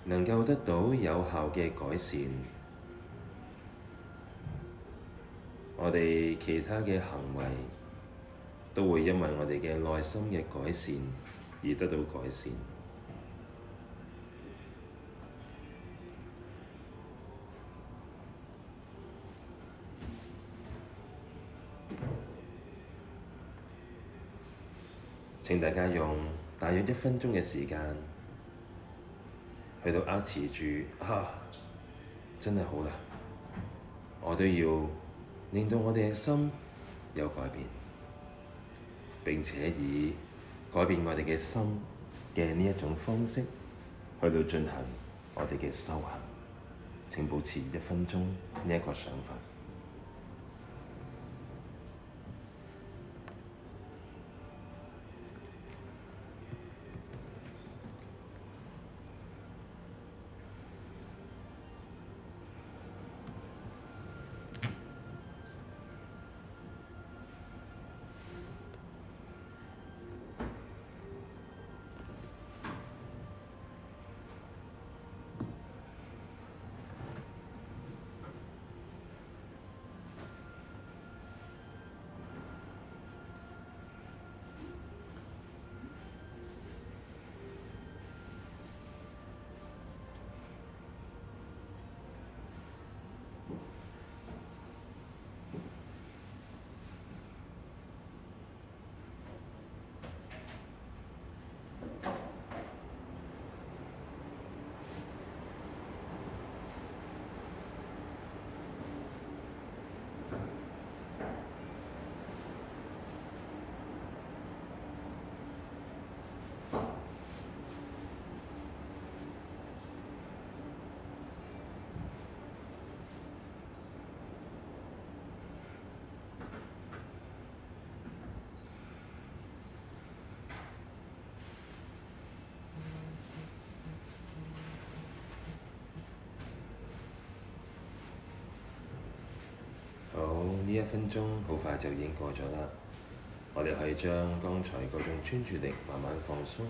能夠得到有效嘅改善，我哋其他嘅行為都會因為我哋嘅內心嘅改善而得到改善。請大家用，大約一分鐘嘅時間，去到保持住，啊，真係好啦！我都要令到我哋嘅心有改變，並且以改變我哋嘅心嘅呢一種方式去到進行我哋嘅修行。請保持一分鐘呢一個想法。呢一分鐘好快就已經過咗啦，我哋可以將剛才嗰種專注力慢慢放鬆，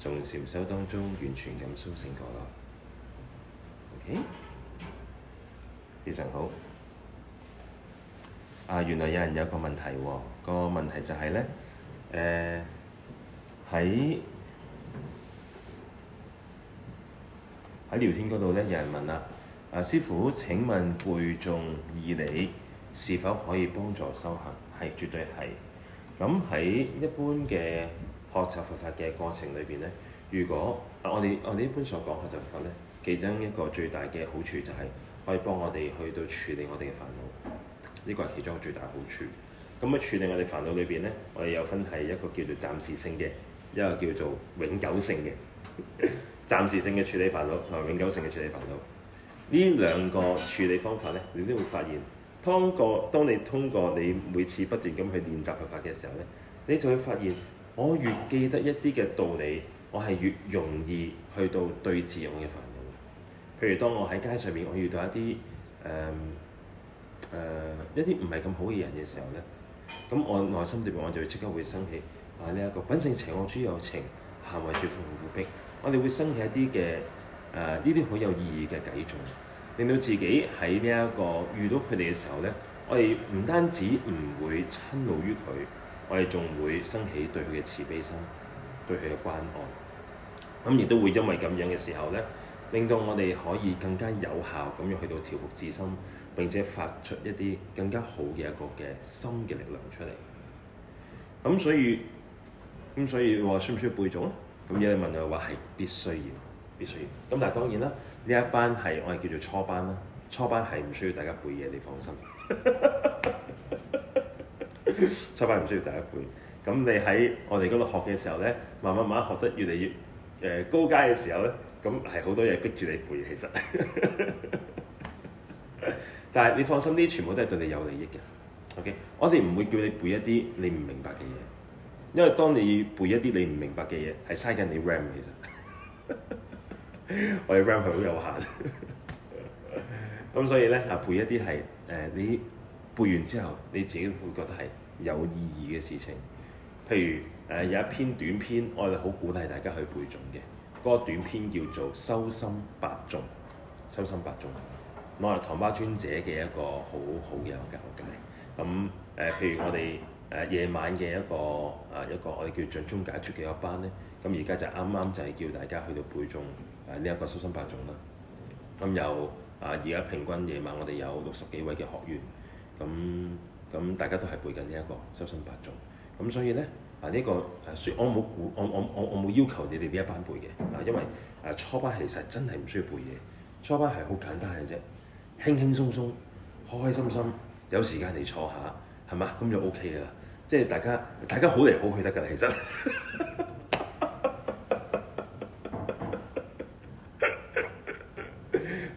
從禪修當中完全咁甦醒過來。OK，非常好。啊，原來有人有個問題喎，哦，個問題就係呢。誒喺喺聊天嗰度呢，有人問啦，啊師傅，請問背誦義理，是否可以幫助修行？係，絕對係。咁喺一般嘅學習佛法嘅過程裏邊呢，如果啊，我哋我哋一般所講學習佛法呢，其中一個最大嘅好處就係可以幫我哋去到處理我哋嘅煩惱，呢個係其中嘅最大好處。咁啊，處理我哋煩惱裏邊呢，我哋有分係一個叫做暫時性嘅，一個叫做永久性嘅。暫時性嘅處理煩惱同永久性嘅處理煩惱，呢兩個處理方法呢，你都會發現。通過當你通過你每次不斷咁去練習佛法嘅時候咧，你就會發現，我越記得一啲嘅道理，我係越容易去到對治我嘅煩惱。譬如當我喺街上面，我遇到一啲誒誒一啲唔係咁好嘅人嘅時候咧，咁我內心入面我就會即刻會生起啊呢一、這個品性邪惡、諸有情、行為最負負迫，我哋會生起一啲嘅誒呢啲好有意義嘅計數。令到自己喺呢一個遇到佢哋嘅時候咧，我哋唔單止唔會嗔怒於佢，我哋仲會生起對佢嘅慈悲心，對佢嘅關愛。咁亦都會因為咁樣嘅時候咧，令到我哋可以更加有效咁樣去到調伏自心，並且發出一啲更加好嘅一個嘅心嘅力量出嚟。咁、嗯、所以，咁、嗯、所以話需唔需要背誦咧？咁有人問佢話係必須要，必須要。咁但係當然啦。呢一班係我哋叫做初班啦，初班係唔需要大家背嘢，你放心。 初班唔需要大家背。咁你喺我哋嗰度學嘅時候咧，慢慢慢學得越嚟越誒、呃、高階嘅時候咧，咁係好多嘢逼住你背。其實， 但係你放心，呢啲全部都係對你有利益嘅。OK，我哋唔會叫你背一啲你唔明白嘅嘢，因為當你背一啲你唔明白嘅嘢，係嘥緊你 RAM 其實。 我哋 RAM 係好有限， 咁所以咧啊，背一啲係誒你背完之後你自己會覺得係有意義嘅事情。譬如誒、呃、有一篇短篇，我哋好鼓勵大家去背誦嘅。嗰、那個短篇叫做《修心八頌》，修心八頌，我係唐巴尊者嘅一個好好嘅教解。咁誒、呃，譬如我哋誒、呃、夜晚嘅一個啊一個，呃、一個我哋叫準中解出嘅一個班咧，咁而家就啱啱就係叫大家去到背誦。誒呢一個修心八頌啦，咁有啊，而家啊、平均夜晚我哋有六十幾位嘅學員，咁、啊、咁、啊、大家都係背緊呢一個修心八頌，咁、啊、所以咧，啊呢個誒、啊，我冇估，我我我我冇要求你哋呢一班背嘅，啊因為誒、啊、初班其實真係唔需要背嘢，初班係好簡單嘅啫，輕輕鬆鬆，開開心心，有時間嚟坐下，係嘛？咁就 O K 噶啦，即係大家大家好嚟好去得噶啦，其實。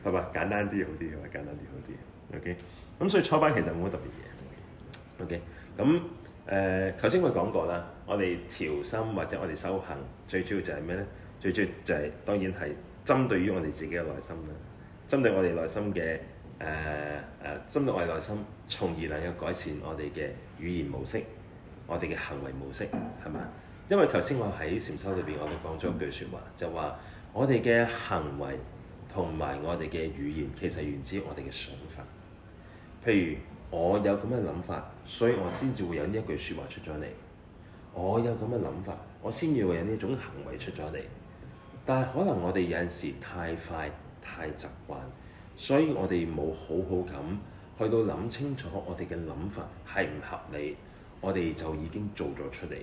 係嘛？簡單啲好啲嘅嘛？簡單啲好啲。OK，咁所以初班其實冇乜特別嘢。OK，咁誒頭先我講過啦，我哋調心或者我哋修行，最主要就係咩咧？最主要就係、是、當然係針對於我哋自己嘅內心啦，針對我哋內心嘅誒誒，針對我哋內心，從而能夠改善我哋嘅語言模式，我哋嘅行為模式係嘛？因為頭先我喺禪修裏邊，我哋講咗一句説話，嗯、就話我哋嘅行為。同埋我哋嘅語言，其實源自我哋嘅想法。譬如我有咁嘅諗法，所以我先至會有呢一句説話出咗嚟。我有咁嘅諗法，我先至會有呢種行為出咗嚟。但係可能我哋有陣時太快、太習慣，所以我哋冇好好咁去到諗清楚我哋嘅諗法係唔合理，我哋就已經做咗出嚟，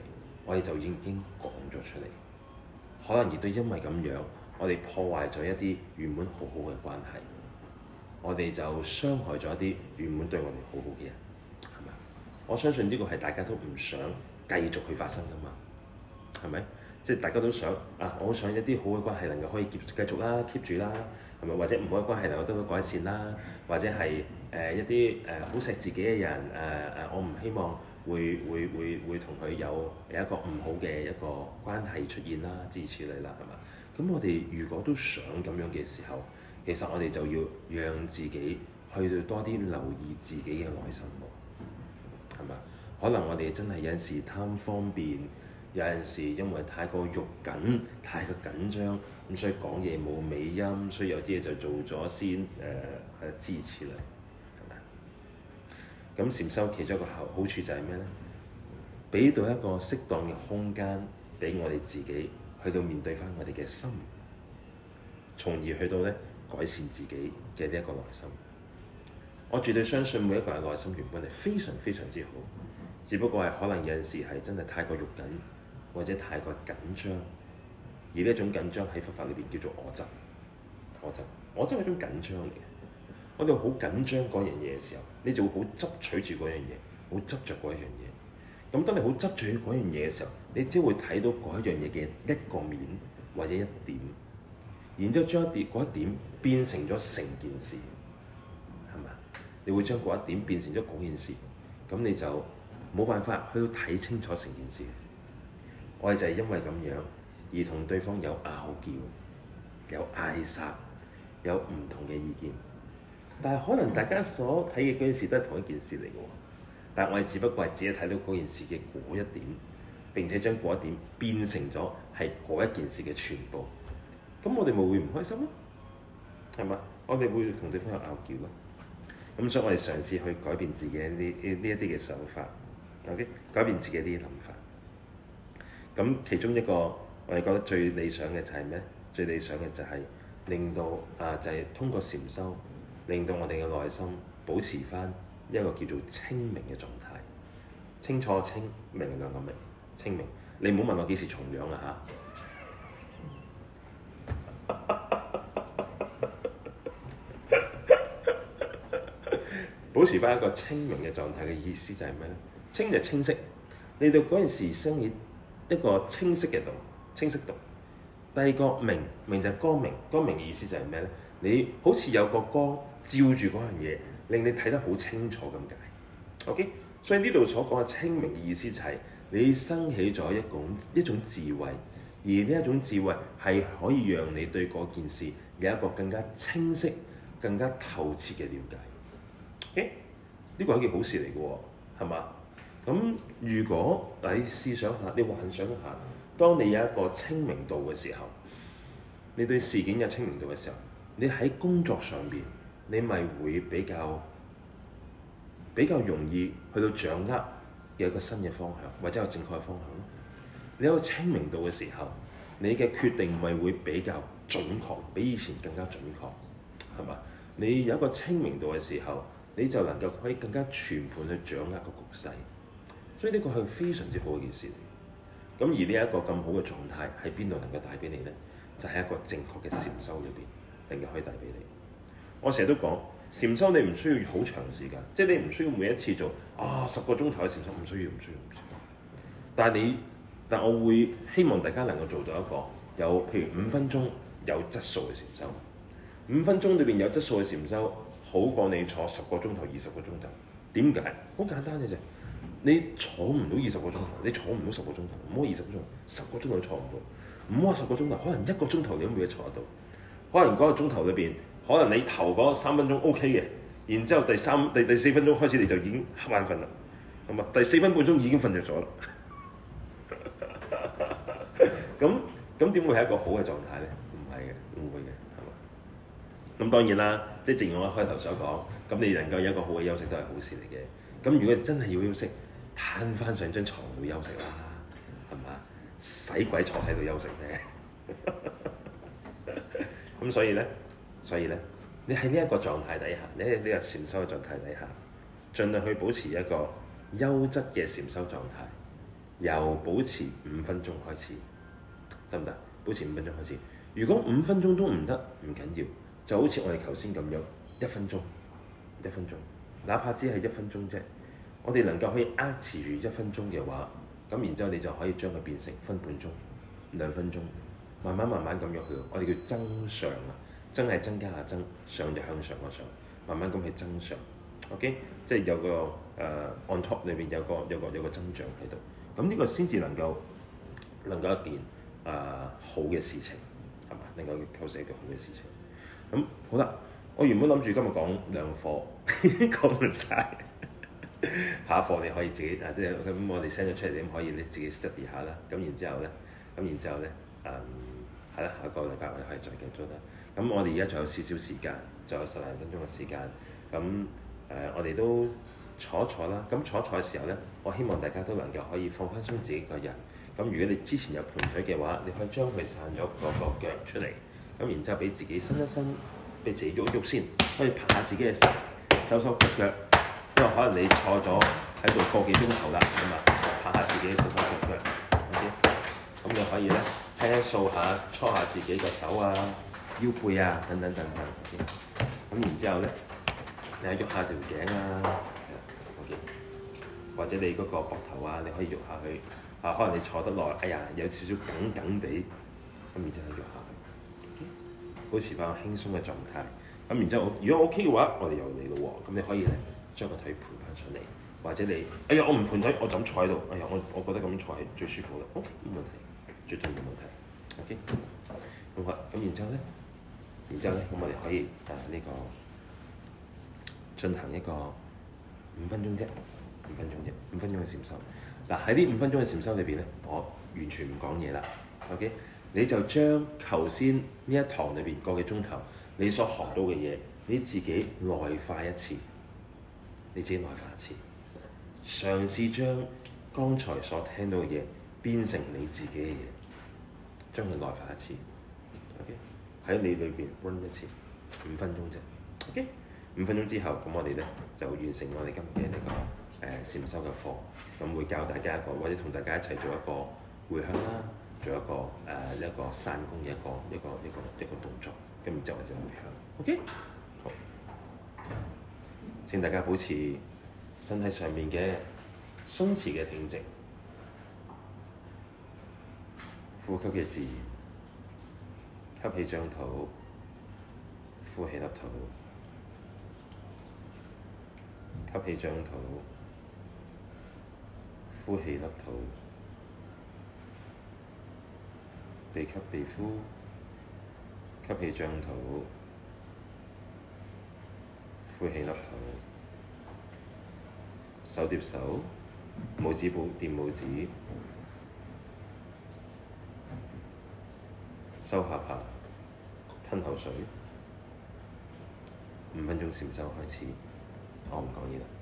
我哋就已經講咗出嚟。可能亦都因為咁樣。我哋破壞咗一啲原本好好嘅關係，我哋就傷害咗一啲原本對我哋好好嘅人，係咪啊？我相信呢個係大家都唔想繼續去發生噶嘛，係咪？即係大家都想啊，我想一啲好嘅關係能夠可以 keep 繼續啦，keep 住啦，係咪？或者唔好嘅關係能夠得到改善啦，或者係誒、呃、一啲誒好錫自己嘅人誒誒、呃，我唔希望會會會會同佢有有一個唔好嘅一個關係出現啦，置處理啦，係嘛？咁我哋如果都想咁樣嘅時候，其實我哋就要讓自己去到多啲留意自己嘅內心喎，係咪啊？可能我哋真係有陣時貪方便，有陣時因為太過肉緊、太過緊張，咁所以講嘢冇尾音，所以有啲嘢就做咗先，誒、呃、誒，支持啦，係咪啊？咁禪修其中一個好好處就係咩呢？俾到一個適當嘅空間俾我哋自己。去到面對翻我哋嘅心，從而去到咧改善自己嘅呢一個內心。我絕對相信每一個人內心原本係非常非常之好，只不過係可能有陣時係真係太過肉緊，或者太過緊張，而呢一種緊張喺佛法裏邊叫做我執。我執，我執係一種緊張嚟嘅。我哋好緊張嗰樣嘢嘅時候，你就會好執取住嗰樣嘢，好執着嗰樣嘢。咁當你好執住於嗰樣嘢嘅時候，你只會睇到嗰一樣嘢嘅一個面或者一點，然之後將一啲嗰一點變成咗成件事，係咪？你會將嗰一點變成咗嗰件事，咁你就冇辦法去睇清楚成件事。我哋就係因為咁樣而同對方有拗叫、有嗌殺、有唔同嘅意見，但係可能大家所睇嘅嗰件事都係同一件事嚟㗎喎。但我哋只不過係只係睇到嗰件事嘅嗰一點，並且將嗰一點變成咗係嗰一件事嘅全部，咁我哋咪會唔開心咯？係嘛？我哋會同對方有拗撬咯。咁所以我哋嘗試去改變自己呢呢一啲嘅想法，OK，改變自己呢啲諗法。咁其中一個我哋覺得最理想嘅就係咩？最理想嘅就係、是、令到啊，就係、是、通過禪修，令到我哋嘅內心保持翻，一個叫做清明嘅狀態，清楚清，明亮嘅明，清明。你唔好問我幾時重陽啊嚇！ 保持翻一個清明嘅狀態嘅意思就係咩咧？清就清晰，你到嗰陣時生起一個清晰嘅度，清晰度。第二個明，明就係光明，光明嘅意思就係咩咧？你好似有個光照住嗰樣嘢。令你睇得好清楚咁解，OK？所以呢度所講嘅清明嘅意思就係你生起咗一種一種智慧，而呢一種智慧係可以讓你對嗰件事有一個更加清晰、更加透徹嘅了解。誒，呢個係件好事嚟嘅喎，係嘛？咁如果你試想下，你幻想一下，當你有一個清明度嘅時候，你對事件有清明度嘅時候，你喺工作上邊，你咪會比較比較容易去到掌握有一個新嘅方向，或者有正確嘅方向咯。你有個清明度嘅時候，你嘅決定咪會比較準確，比以前更加準確，係嘛？你有一個清明度嘅時候，你就能夠可以更加全盤去掌握個局勢。所以呢個係非常之好嘅件事。咁而呢一個咁好嘅狀態喺邊度能夠帶俾你呢？就係一個正確嘅禪修入邊，能夠可以帶俾你。我成日都講禪修，你唔需要好長時間，即係你唔需要每一次做啊十個鐘頭嘅禪修，唔需要，唔需要，唔需要。但係你，但我會希望大家能夠做到一個有，譬如五分鐘有質素嘅禪修。五分鐘裏邊有質素嘅禪修，好過你坐十個鐘頭、二十個鐘頭。點解？好簡單嘅啫，你坐唔到二十個鐘頭，你坐唔到十個鐘頭，唔好二十個鐘頭，十個鐘頭坐唔到，唔好話十個鐘頭，可能一個鐘頭你都冇嘢坐得到，可能嗰個鐘頭裏邊。可能你頭嗰三分鐘 OK 嘅，然之後第三、第第四分鐘開始你就已經瞌眼瞓啦，咁啊第四分半鐘已經瞓着咗啦。咁咁點會係一個好嘅狀態咧？唔係嘅，唔會嘅，係嘛？咁當然啦，即係正如我開頭所講，咁你能夠有一個好嘅休息都係好事嚟嘅。咁如果你真係要休息，攤翻上張床去休息啦，係嘛？使鬼坐喺度休息咩？咁 所以咧。所以咧，你喺呢一個狀態底下，你喺呢個禪修嘅狀態底下，盡量去保持一個優質嘅禪修狀態，由保持五分鐘開始，得唔得？保持五分鐘開始。如果五分鐘都唔得，唔緊要，就好似我哋頭先咁樣，一分鐘，一分鐘，哪怕只係一分鐘啫。我哋能夠可以堅持住一分鐘嘅話，咁然之後你就可以將佢變成分半鐘、兩分鐘，慢慢慢慢咁樣去。我哋叫增上啊。真係增加下增上就向上啊！上慢慢咁去增上，OK，即係有個誒、uh, on top 裏邊有個有個有個增長喺度，咁、這、呢個先至能夠能夠一件誒、uh, 好嘅事情係嘛？能夠構成一個好嘅事情。咁好啦，我原本諗住今日講兩課講完晒， 下一課你可以自己啊，即係咁我哋 send 咗出嚟，你可以你自己 study 下啦。咁然之後咧，咁然之後咧，嗯係啦、嗯，下個禮拜我哋可以再繼續啦。咁我哋而家仲有少少時間，仲有十零分鐘嘅時間。咁誒、呃，我哋都坐一坐啦。咁坐坐嘅時候咧，我希望大家都能夠可以放返鬆自己個人。咁如果你之前有盤腿嘅話，你可以將佢散咗個個腳出嚟。咁然之後俾自己伸一伸，俾自己喐一喐先，可以拍下自己嘅手、手，手腳。因為可能你坐咗喺度個幾鐘頭啦，咁啊拍下自己嘅手手腳、腳先。咁就可以咧，輕輕掃下、搓下自己嘅手啊。腰背啊，等等等等，咁然之後咧，你喺喐下條頸啊、嗯，OK，或者你嗰個膊頭啊，你可以喐下去。啊，可能你坐得耐，哎呀，有少少緊緊地，咁然之後喐下去。保持翻個輕鬆嘅狀態。咁然之後，如果 O K 嘅話，我哋由你咯喎。咁你可以咧，將個腿盤翻上嚟，或者你，哎呀，我唔盤腿，我就咁坐喺度。哎呀，我我覺得咁坐係最舒服啦。O K，冇問題，絕對冇問題。O K，好啊，咁然之後咧。然之後咧，咁我哋可以誒呢個進行一個五分鐘啫，五分鐘啫，五分鐘嘅禪修。嗱，喺呢五分鐘嘅禪修裏邊咧，我完全唔講嘢啦。OK，你就將頭先呢一堂裏邊個幾鐘頭你所學到嘅嘢，你自己內化一次，你自己內化一次，嘗試將剛才所聽到嘅嘢變成你自己嘅嘢，將佢內化一次。喺你裏邊 run 一次，五分鐘啫。OK，五分鐘之後，咁我哋咧就完成我哋今日嘅呢個誒、呃、禪修嘅課。咁會教大家一個，或者同大家一齊做一個回向啦，做一個誒、呃、一個散功嘅一個一個一個一個動作。跟住就後就回向。OK，好。請大家保持身體上面嘅鬆弛嘅挺直，呼吸嘅自然。吸氣，張肚；呼氣，凹肚。吸氣，張肚；呼氣，凹肚。鼻吸鼻呼。吸氣，張肚；呼氣，凹肚。手疊手，拇指部墊拇指。收下巴。吞口水，五分鐘小休開始，我唔講嘢喇。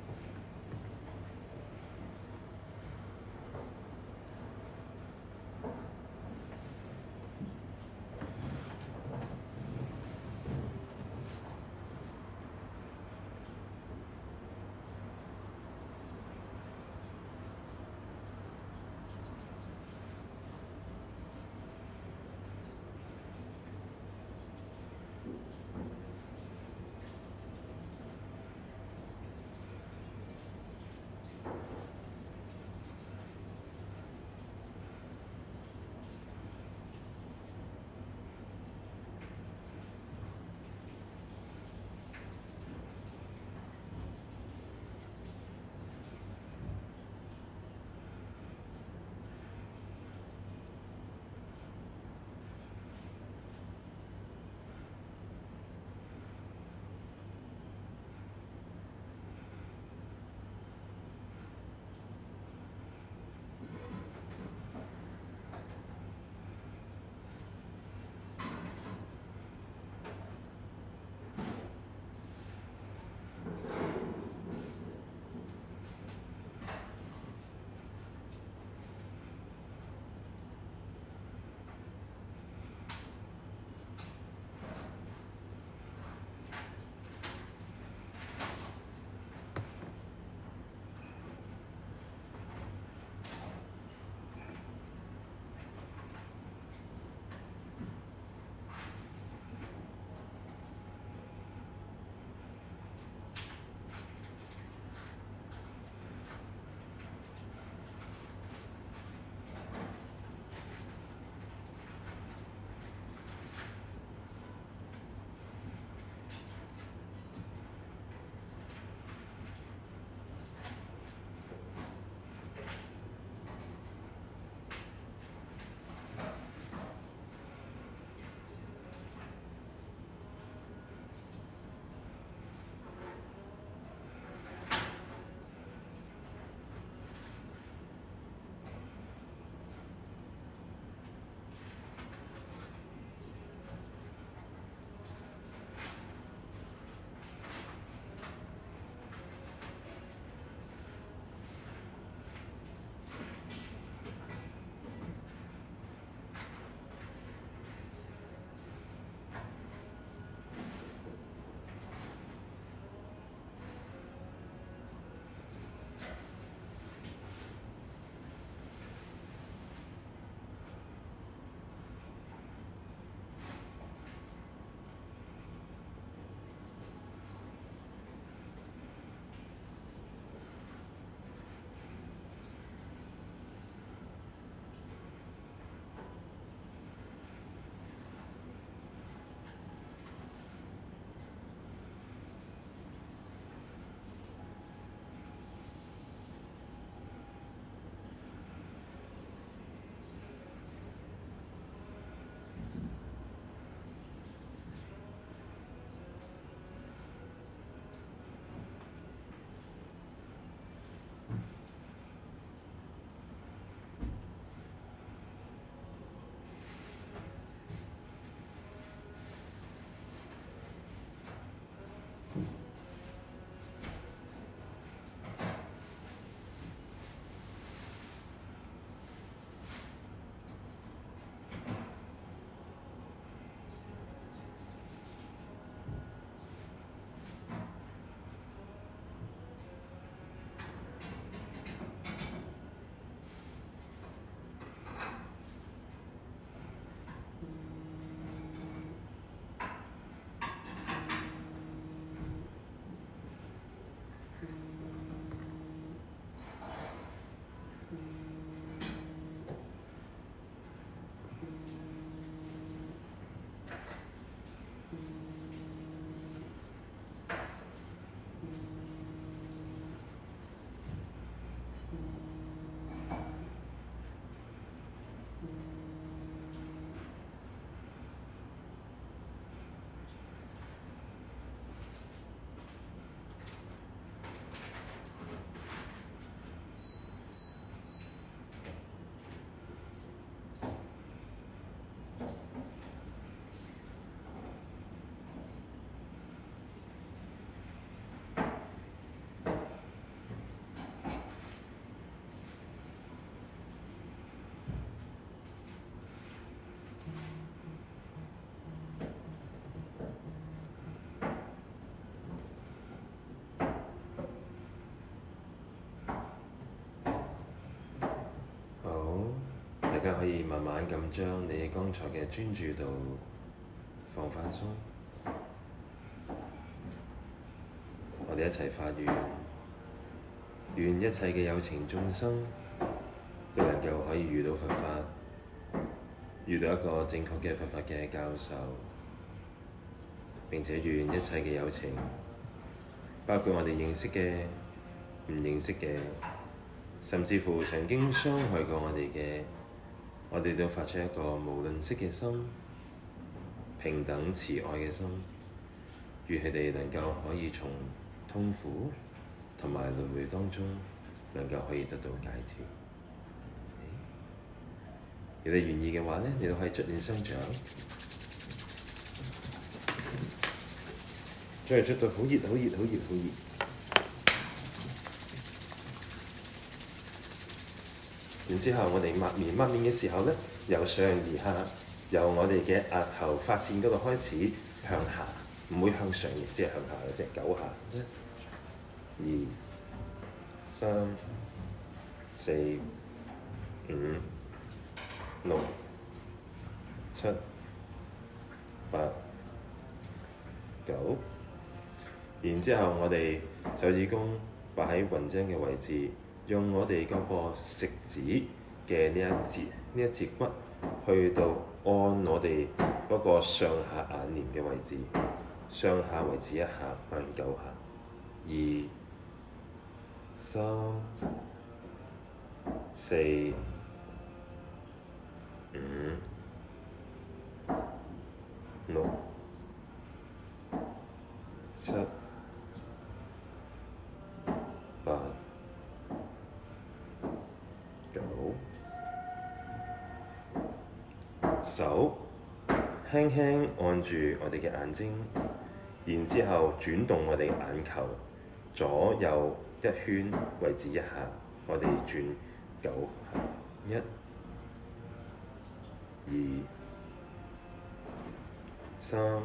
大家可以慢慢咁將你剛才嘅專注度放放鬆，我哋一齊發願，願一切嘅有情眾生都能夠可以遇到佛法，遇到一個正確嘅佛法嘅教授，並且願一切嘅有情，包括我哋認識嘅、唔認識嘅，甚至乎曾經傷害過我哋嘅。我哋都發出一個無吝嗇嘅心、平等慈愛嘅心，願佢哋能夠可以從痛苦同埋輪迴當中，能夠可以得到解脫。Okay. 你哋你願意嘅話咧，可以逐漸增長，真係出到好熱、好熱、好熱、好熱。然之後，我哋抹面抹面嘅時候咧，由上而下，由我哋嘅額頭髮線嗰度開始向下，唔會向上，亦即係向下嘅，即係九下，一、二、三、四、五、六、七、八、九。然之後，我哋手指公擺喺雲章嘅位置。.用我哋嗰個食指嘅呢一節，呢一節骨去到按我哋嗰個上下眼簾嘅位置，上下位置一下，按完九下，二、三、四、五、六、七。手輕輕按住我哋嘅眼睛，然之後轉動我哋眼球，左右一圈位置一下，我哋轉九，一、二、三、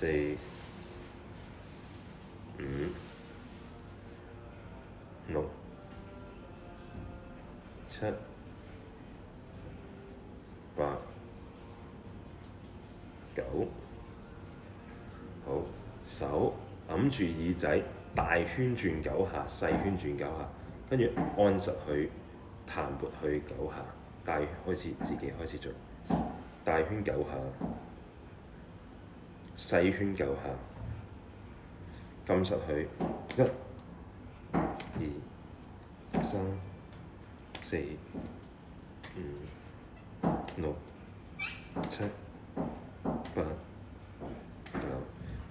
四、五、六、七。跟住耳仔，大圈轉九下，細圈轉九下，跟住按實佢彈撥佢九下，大開始自己開始做，大圈九下，細圈九下，撳實佢一、二、三、四、五、六、七、八、九，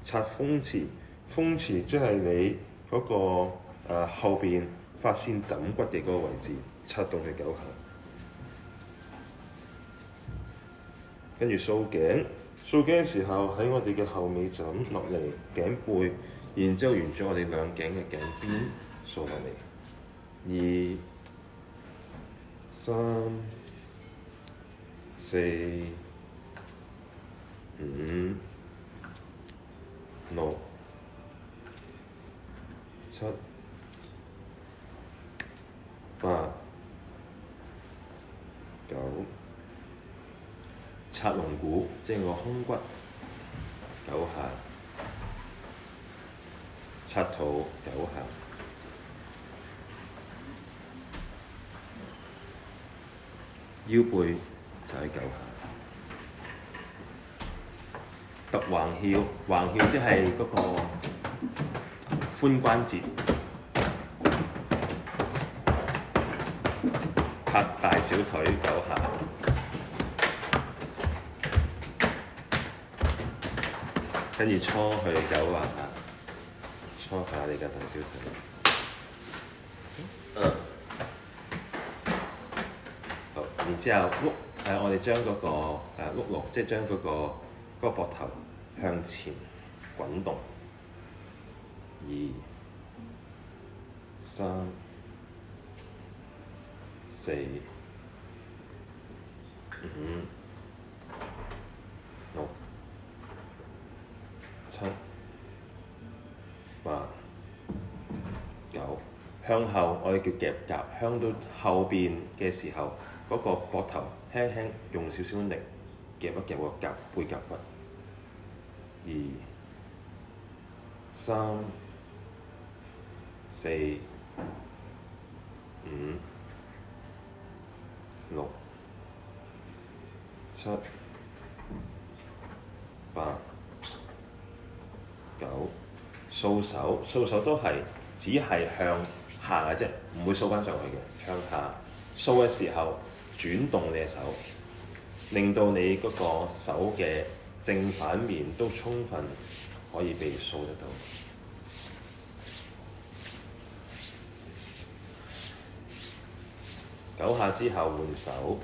擦風池。風池即係你嗰、那個誒、呃、後邊發線枕骨嘅嗰個位置，七到嘅九下，跟住掃頸，掃頸嘅時候喺我哋嘅後尾枕落嚟頸背，然之後沿住我哋兩頸嘅頸邊掃落嚟，二、三、四、五、六。八、九，擦，龍骨，即係個胸骨九下，擦，肚九下，腰背就踩、是、九下，突橫翹，橫翹即係嗰、那個。好，髖關節、拍大小腿、抖下，跟住搓去扭滑下，搓下你嘅大小腿。然之後，碌、呃，係我哋將嗰個碌落，即係將嗰個嗰、嗰個膊頭向前滾動。二、三、四、五、六、七、八、九。向後，我哋叫夾夾。向到後邊嘅時候，嗰個膊頭輕輕用少少力夾一夾個夾背夾骨。二、三。四、五、六、七、八、九，掃手。掃手都係只係向下嘅啫，唔會掃翻上去嘅，向下。掃嘅時候轉動你嘅手，令到你嗰個手嘅正反面都充分可以被掃得到。九下之後換手，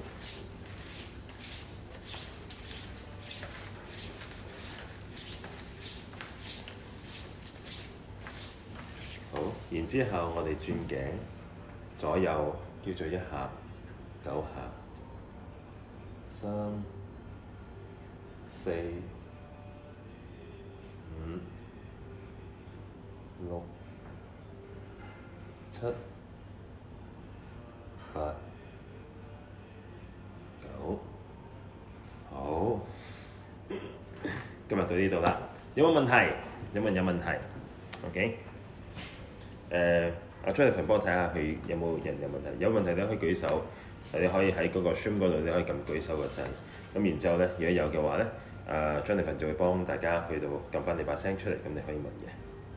好，然之後我哋轉頸，左右叫做一下，九下，三、四、五、六、七、八。好，今日到呢度啦。有冇問題？你問有，有問題，OK？誒，阿張力平幫我睇下佢有冇人有問題。有問題你可以舉手，你可以喺嗰個 Zoom 嗰度，你可以撳舉手個掣。咁然之後咧，如果有嘅話咧，誒，張力平就會幫大家去到撳翻你把聲出嚟，咁你可以問嘅。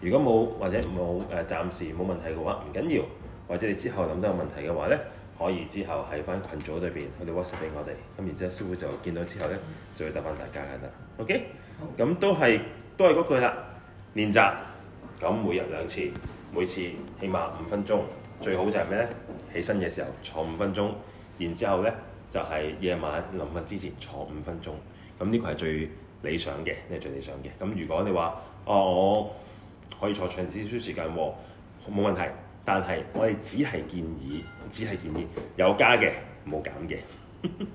如果冇或者冇誒，暫時冇問題嘅話，唔緊要。或者你之後諗都有問題嘅話咧。可以之後喺翻群組裏邊，佢哋 WhatsApp 俾我哋，咁然之後師傅就見到之後咧，嗯、就會答翻大家㗎啦。OK，咁好都係都係嗰句啦，練習咁每日兩次，每次起碼五分鐘，最好就係咩咧？起身嘅時候坐五分鐘，然之後咧就係、是、夜晚臨瞓之前坐五分鐘。咁呢個係最理想嘅，呢係最理想嘅。咁如果你話哦，我可以坐長少少時間喎，冇、哦、問題。但係，我哋只係建議，只係建議有加嘅冇減嘅，減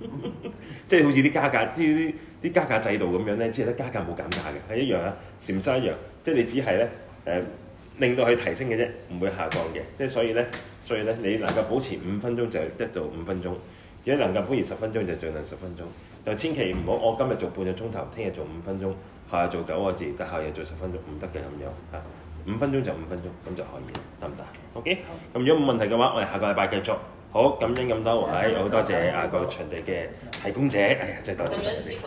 即係好似啲加價，啲啲啲加價制度咁樣咧，只有得加價冇減價嘅，係一樣啊，禪修一樣，即係你只係咧誒令到佢提升嘅啫，唔會下降嘅，即係所以咧，所以咧你能夠保持五分鐘就一做五分鐘，如果能夠保持十分鐘就盡量十分鐘，就千祈唔好我今日做半個鐘頭，聽日做五分鐘，下日做九個字，但係下日做十分鐘唔得嘅咁樣嚇。五分鐘就五分鐘，咁就可以了，得唔得？OK，咁好如果冇問題嘅話，我哋下個禮拜繼續。好，感恩咁多位收喎，好多謝啊個拾場地嘅提供者，哎呀，真係多謝多謝。